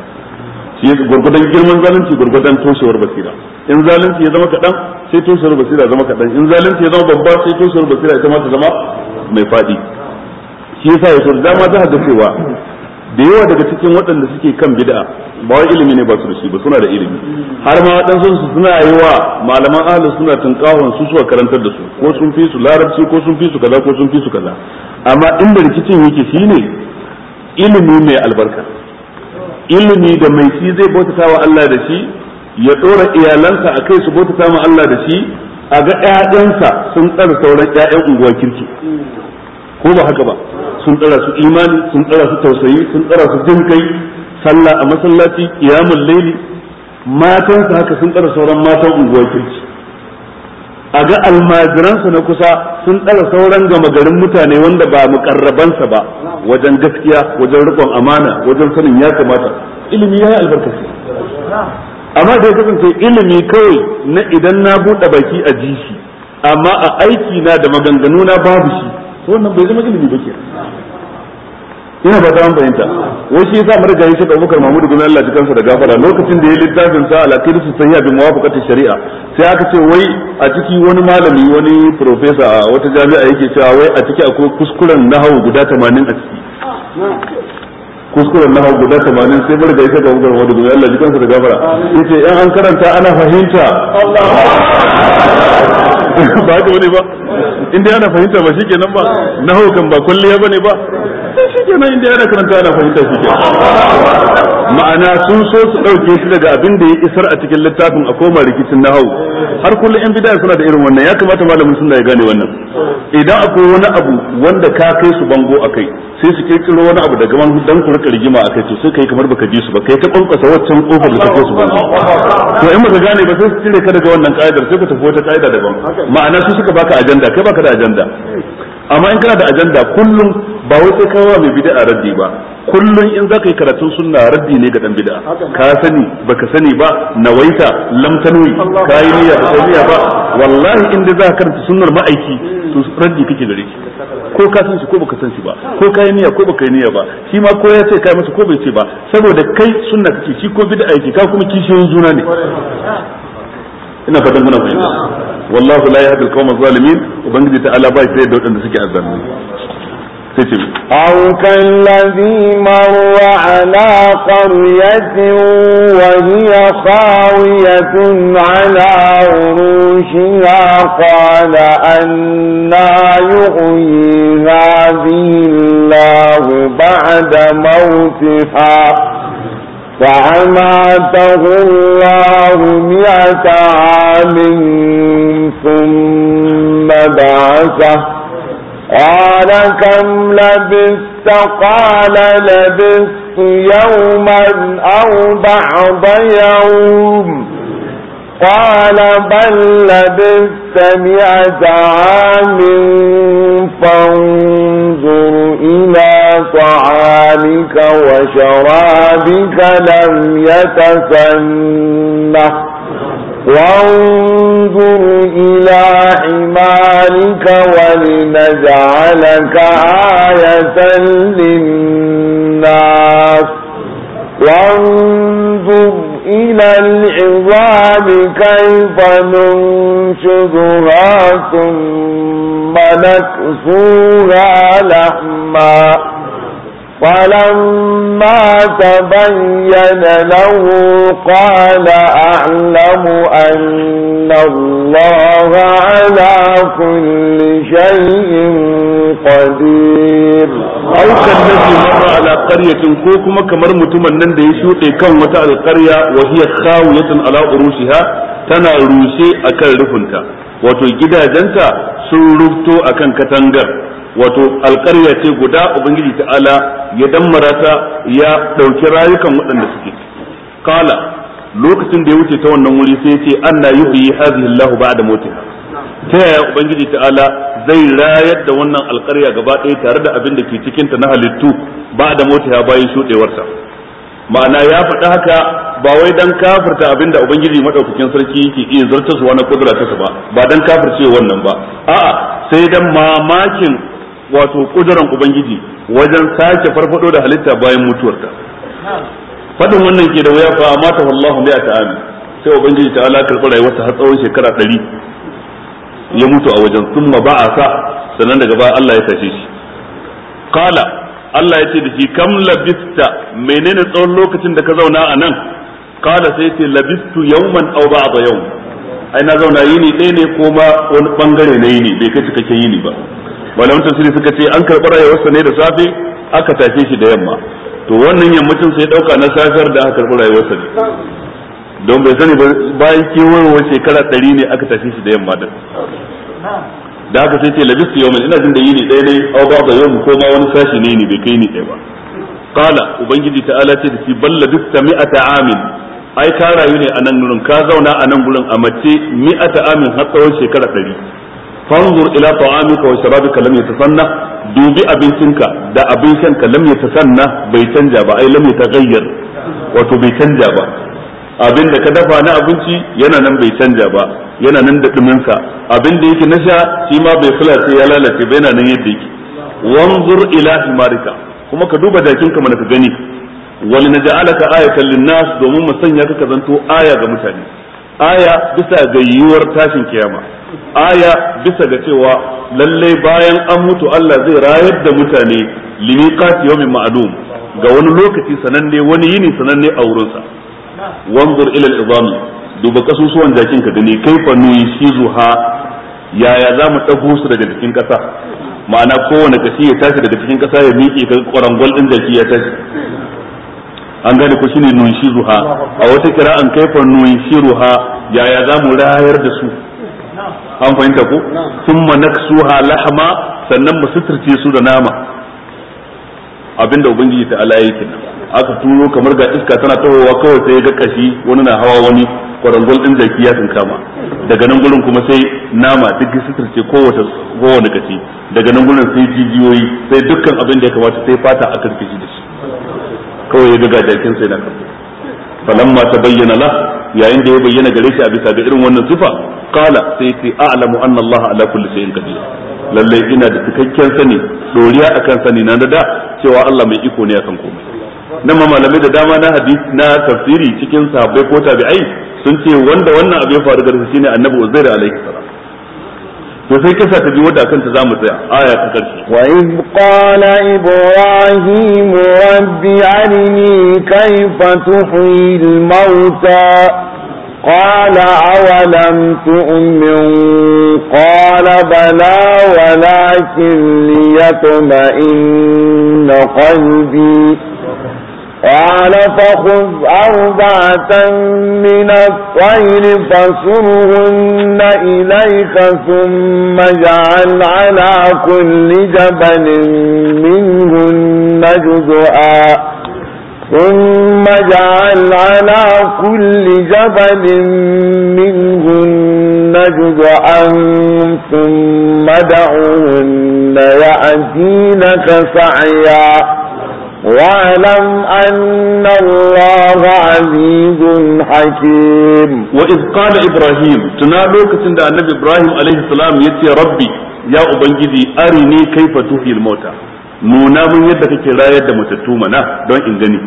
shi gurgudan girman zalunci gurgudan toshewar basira in zalunci ya zama kaɗan sai toshewar basira zama kaɗan in zalunci ya zama babba sai toshewar basira ita ma ta zama mai faɗi shi yasa ya so dama za ga cewa da yawa daga cikin waɗanda suke kan bid'a ba wai ilimi ne ba su da shi ba suna da ilimi har ma waɗansu su suna yi wa malaman ahlus suna tunkawon su suwa karantar da su ko sun fi su larabci ko sun fi su kaza ko sun fi su kaza amma inda rikicin yake shine ilimi mai albarka ilimi da mai shi zai bautata wa Allah da shi ya dora iyalansa a kai su bautata ma Allah da shi a ga ƴaƴansa sun tsara sauran ƴaƴan unguwa kirki ko ba haka ba sun tsara su imani sun tsara su tausayi sun tsara su jin kai sallah a masallaci qiyamul laili matansa haka sun tsara sauran matan unguwa kirki a ga almajiransu na kusa sun tsara sauran gama garin mutane wanda ba mukarrabansa ba wajen gaskiya wajen rikon amana wajen sanin ya kamata ilimi ya yi albarkaci amma da ya kasance ilimi kawai na idan na buɗe baki a ji shi amma a aiki na da maganganu na babu shi wannan bai zama ilimi ba ke ina fata an fahimta wai shi yasa marga yi shaka Abubakar Mahmud bin Allah ji kansa da gafara lokacin da ya littafin sa al-aqidu sahiha bi muwafaqati shari'a sai aka ce wai a ciki wani malami wani professor a wata jami'a yake cewa wai a ciki akwai kuskuren nahawu guda 80 a ciki kuskuren nahawu guda 80 sai marga yi shaka Abubakar Mahmud bin Allah ji kansa da gafara yace in an karanta ana fahimta Allah [laughs] ba haka bane ba in dai ana fahimta ba shikenan ba na haukan ba kulliya bane ba shikenan in dai ana karanta ana fahimta shikenan ma'ana sun so su ɗauke shi daga abin da ya isar a cikin littafin a koma rikicin nahawu har kullum yan bid'a suna da irin wannan ya kamata malamin suna ya gane wannan idan akwai wani abu wanda ka kai su bango akai sai su kirkiro wani abu daga wani dan ku rika rigima akai to sai kai kamar baka ji su ba kai ta kwankwasa waccan kofar da kake su ba to in baka gane ba sai su cire ka daga wannan ka'idar sai ka tafi wata ka'ida daban ma'ana su suka baka ajanda kai baka da ajanda amma in kana da ajanda kullum ba wai sai kawo mai bid'a raddi ba kullun in zaka yi karatun sunna raddi ne ga dan bid'a ka sani baka sani ba nawaita lam tanwi kai niyya ba kai ba wallahi in da zaka karanta sunnar ma'aiki to raddi kake gare shi ko ka san shi ko baka san shi ba ko kai niyya ko baka yi niyya ba shi ma ko ya ce kai masa ko bai ce ba saboda kai sunna kake shi ko bid'a yake ka kuma kishiyoyin juna ne ina fatan kuna fahimta wallahu la yahdi al-qawma zalimin ubangiji ta'ala bai sai da wadanda suke azzalimi أو كالذي مر على قرية وهي خاوية على عروشها قال أنا يحيي هذه الله بعد موتها فعماته الله مئة عام ثم بعثه قال كم لبثت قال لبثت يوما أو بعض يوم قال بل لبثت مئة عام فانظر إلى طعامك وشرابك لم يتسنه وانظر إلى حمارك ولنجعلك آية للناس وانظر إلى العظام كيف ننشدها ثم نكسوها لحما فلما تبين له قال أعلم أن الله على كل شيء قدير أو كالذي مر على قرية كوكما كمر متمنى يشوط كم وتاء القرية وهي خاوية على عروشها تنا روشي أكل رفنتا وتجد جنتا سرفتو أكن كتنجر wato alƙarya ce guda ubangiji ta'ala ya dammara ta ya ɗauki rayukan waɗanda suke kala lokacin da ya wuce ta wannan wuri sai ce anna yi hadhihi Allahu ba'da mautiha ta yaya ubangiji ta'ala zai rayar da wannan alƙarya gaba ɗaya tare da abin da ke cikin ta na halittu ba'da ya bayan shuɗewarsa ma'ana ya faɗi haka ba wai dan kafirta abin da ubangiji maɗaukakin sarki yake iya zartaswa na kudura ta ba ba dan kafirce wannan ba a'a sai dan mamakin wato kudurar ubangiji wajen sake farfado da halitta bayan mutuwarta fadin wannan ke da wuya fa amma ta wallahu a ta'ami sai ubangiji ta ala karbi rayuwar ta har tsawon shekara 100 ya mutu a wajen a sa sanan daga baya Allah ya tashe shi qala Allah ya ce da shi kam labista menene tsawon lokacin da ka zauna a nan qala sai ce labistu yawman aw ba'da yawm ai na zauna yini ɗaya ne ko ma wani bangare na yini bai kai yi yini ba malaman tafsiri suka ce an karɓi rayuwarsa ne da safe aka tashe shi da yamma to wannan yammacin sai dauka na safiyar da aka karɓi rayuwarsa ne don bai sani bayan wani shekara ɗari ne aka tashe shi da yamma da da aka sai ce labistu yawmin ina jin da ne ɗaya ne au ba da yawmin ko ma wani sashi ne ne bai kai ni ɗaya ba kala ubangiji ta'ala ce da shi balla dukta mi'ata amin ai ka rayu ne a nan gurin ka zauna a nan gurin a mace mi'ata amin har tsawon shekara ɗari fanzur ila ta'amika wa sharabika lam yatasanna dubi abincinka da abin shanka lam yatasanna bai canja ba ai lam yataghayyar wato bai canja ba abin da ka dafa na abinci yana nan bai canja ba yana nan da duminsa abin da yake na sha shi ma bai kula sai ya lalace ba yana nan yadda yake wanzur ila himarika kuma ka duba jakinka mana ka gani wal naj'alaka ayatan lin-nas domin mu sanya ka zanto aya ga mutane aya bisa ga yiwuwar tashin kiyama aya bisa ga cewa lallai bayan an mutu Allah zai rayar da mutane limiqati yawmin ma'lum ga wani lokaci sananne wani yini sananne a wurin sa wanzur ila al duba kasusuwan jakin ka gani kaifa nuyishizuha yaya za mu dago su daga cikin kasa ma'ana kowane kashi ya tashi daga cikin kasa ya miƙe ka kwarangwal din jaki ya tashi an gane ko shine ruha a wata kira an kaifa nunshiruha yaya za mu rayar da su an fahimta ko thumma naksuha lahma sannan mu suturce su da nama abinda ubangiji ta ala yake nan aka turo kamar ga iska tana tawowa kawai sai ga kashi wani na hawa wani kwarangol din jaki ya kama daga nan gurin kuma sai nama duk suturce kowace kowane kashi daga nan gurin sai jijiyoyi sai dukkan abin da ya kamata sai fata a karkashi da shi kawai ya ga gajakin sai na karbo ma ta bayyana la yayin da ya bayyana gare shi a bisa ga irin wannan sifa kala sai ce a'lamu anna Allah ala kulli shay'in qadir lalle ina da cikakken sani doriya akan sani na da cewa Allah mai iko ne akan komai nan ma malamai da dama na hadisi na tafsiri cikin sahabbai ko tabi'ai sun ce wanda wannan abin ya faru gare shi shine annabi Uzair alaihi salam to sai kisa ta biyo da kanta zamu tsaya aya ta karshe wa iz qala ibrahim rabbi arini kayfa tuhyi al-mauta قال أولم تؤمن قال بلى ولكن ليطمئن قلبي قال فخذ أربعة من الطير فصرهن إليك ثم اجعل على كل جبل منهن جزءا ثم اجعل على كل جبل منهن جزءا ثم دعوهن يأتينك سعيا واعلم أن الله عزيز حكيم وإذ قال إبراهيم تنالوك سند النبي إبراهيم عليه السلام يتي ربي يا أبنجدي أرني كيف تحيي الموتى nuna mun yadda kake rayar da matattu mana don in gani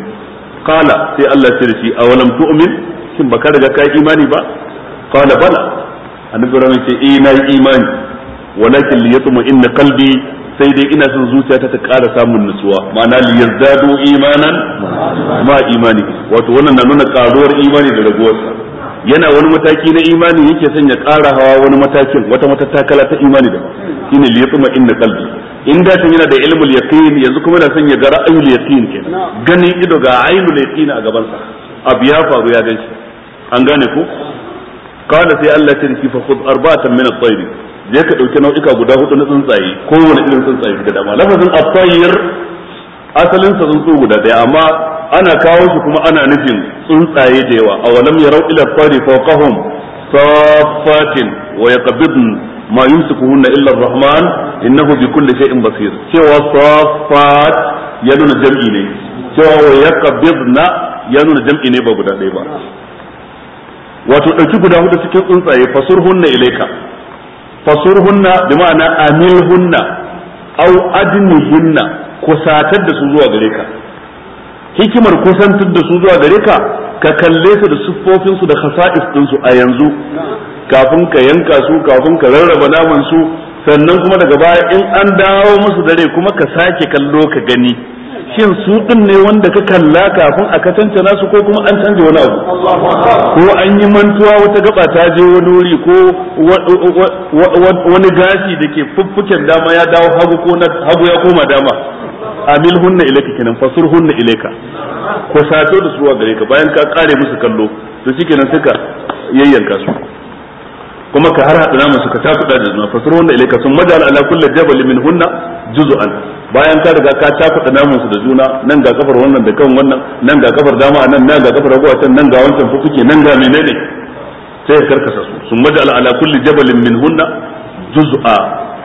qala sai Allah ya ce a walam tu'min shin baka riga kai imani ba qala bala annabi Ibrahim ce eh na yi imani walakin liyatma sai dai ina son zuciyata ta ƙara samun nutsuwa ma'ana li imanan ma imani wato wannan na nuna karuwar imani da raguwarsa yana wani mataki na imani yake son ya ƙara hawa wani matakin wata matattakala ta imani da shine li yatma inna qalbi in da tun yana da ilmul yaqin yanzu kuma yana son ya ga ra'ayul yaqin kenan gani ido ga ainul yaqin a gaban sa abu ya faru ya ganshi an gane ko qala sai Allah ya tarki fa khudh arba'atan min at-tayr je ka dauki nau'ika guda hudu na tsuntsaye kowane irin tsuntsaye ga dama lafazin at asalin sa tsuntsu guda daya amma ana kawo shi kuma ana nufin tsuntsaye da yawa lam yarau ila at fawqahum safatin wa yaqbidun ma yumsikuhunna illa arrahman rahman bi kulli shay'in basir cewa safat ya nuna jam'i ne cewa wa yaqbidna ya nuna jam'i ne ba guda daya ba wato dauki guda hudu cikin tsuntsaye fasurhunna ilayka fasurhunna bi ma'ana amilhunna aw adnihunna kusatar da su zuwa gare ka hikimar kusantar da su zuwa gare ka ka kalle su da siffofin su da khasa'is din su a yanzu kafin ka yanka su kafin ka rarraba naman su sannan kuma daga baya in an dawo musu dare kuma ka sake kallo ka gani shin su din ne wanda ka kalla kafin a katanta nasu ko kuma an canza wani abu ko an yi mantuwa wata gaba ta je wani wuri ko wani gashi da ke fuffuken dama ya dawo hagu ko na hagu ya koma dama amil hunna ilaika kenan fasur hunna ilaika ko sato da suwa gare ka bayan ka kare musu kallo to shikenan suka yayyanka su kuma ka har hada namun suka tafi da juna fasur hunna ilaika sun majal ala kulli jabal min hunna juz'an bayan ka riga ka takuɗa namun su da juna nan ga kafar wannan da kan wannan nan ga kafar dama nan nan ga kafar hagu a can nan ga wancan fufuke nan ga menene sai ya karkasa su sun majal ala kulli jabalin min hunna juz'a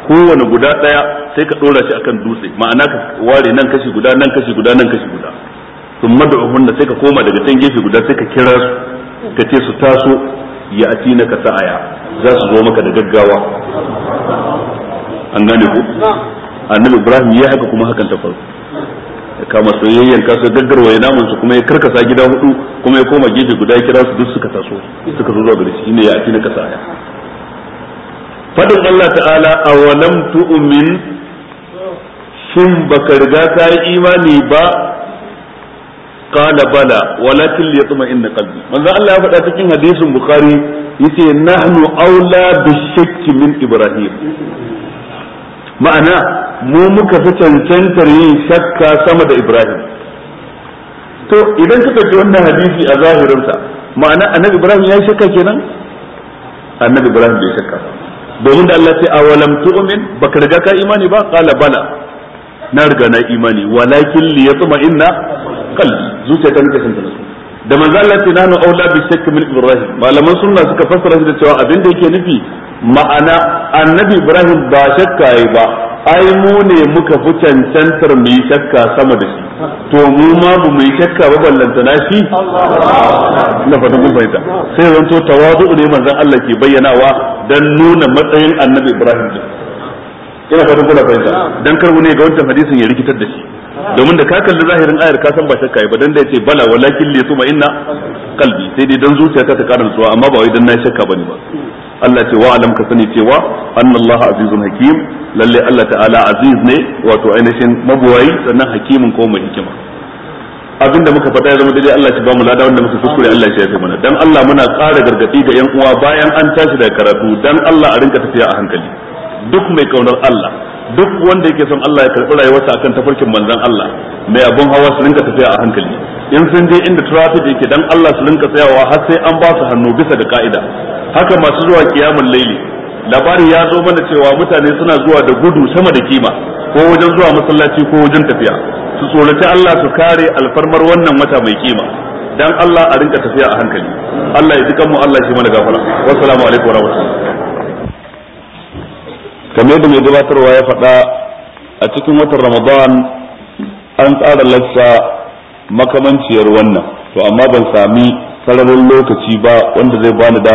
kowane guda daya sai ka dora shi akan dutse ma'ana ka ware nan kashi guda nan kashi guda nan kashi guda sun hunna sai ka koma daga can gefe guda sai ka kira su ka ce su taso ya atina ka sa'aya za su zo maka da gaggawa an gane ku annabi ibrahim ya haka kuma hakan ta faru kama kasu kaso gaggarwa ya namansu kuma ya karkasa gida hudu kuma ya koma gefe guda ya kira su duk suka taso suka zo zuwa gare shi ne ya ake na kasa ya? fadin Allah ta'ala a awalam tu'min shin baka riga ka yi imani ba qala bala walakin liyatma'inna qalbi manzo Allah ya faɗa cikin hadisin bukhari yace nahnu aula shakki min ibrahim ma'ana mu muka fi cancantar yin shakka sama da ibrahim to idan kuka ji wannan hadisi a zahirinsa ma'ana annabi ibrahim ya shakka kenan annabi ibrahim bai shakka ba domin da Allah sai awalam tu'min baka riga ka imani ba qala bala na riga na imani walakin li yatma inna qalbi zuciya ta nake santa da manzo Allah sai nanu aula bi shakka min ibrahim malaman sunna suka fassara shi da cewa abin da yake nufi ma'ana annabi ibrahim ba shakka yi ba ai mu ne muka fi cancantar mu yi shakka sama da shi to mu ma ba mu yi shakka ba ballanta na shi na fata mun fahimta sai zan to tawadu ne manzon Allah ke bayyanawa dan nuna matsayin annabi ibrahim din ina fata kuna fahimta dan kar wani ga wannan hadisin ya rikitar da shi domin da ka kalli zahirin ayar ka san ba shakka ba dan da yace bala walakin li tuma inna qalbi sai dai dan zuciya ta ta karantsuwa amma ba wai dan na shakka bane ba Allah ce wa alam ka sani cewa annallaha azizun hakim lalle Allah ta'ala aziz ne wato ainihin mabuwayi sannan hakimin ko mai hikima da muka faɗa ya zama daidai Allah ya ba mu lada wanda muka kuskure Allah ya yafe mana dan Allah muna ƙara gargadi ga yan uwa bayan an tashi daga karatu dan Allah a rinka tafiya a hankali duk mai kaunar Allah duk wanda yake son Allah ya karɓi rayuwarsa akan tafarkin manzon Allah mai abun hawa su rinka tafiya a hankali in sun je inda traffic yake dan Allah su rinka tsayawa har sai an ba su hannu bisa ga ka'ida haka masu zuwa kiyamul laili labari ya zo mana cewa mutane suna zuwa da gudu sama da kima ko wajen zuwa masallaci ko wajen tafiya su tsorace Allah su kare alfarmar wannan wata mai kima dan Allah a rinka tafiya a hankali Allah ya ji kanmu Allah shi mana gafara wassalamu alaikum warahmatullahi kamar yadda mai gabatarwa ya faɗa a cikin watan ramadan an tsara lassa makamanciyar wannan to amma ban sami sararin lokaci ba wanda zai bani da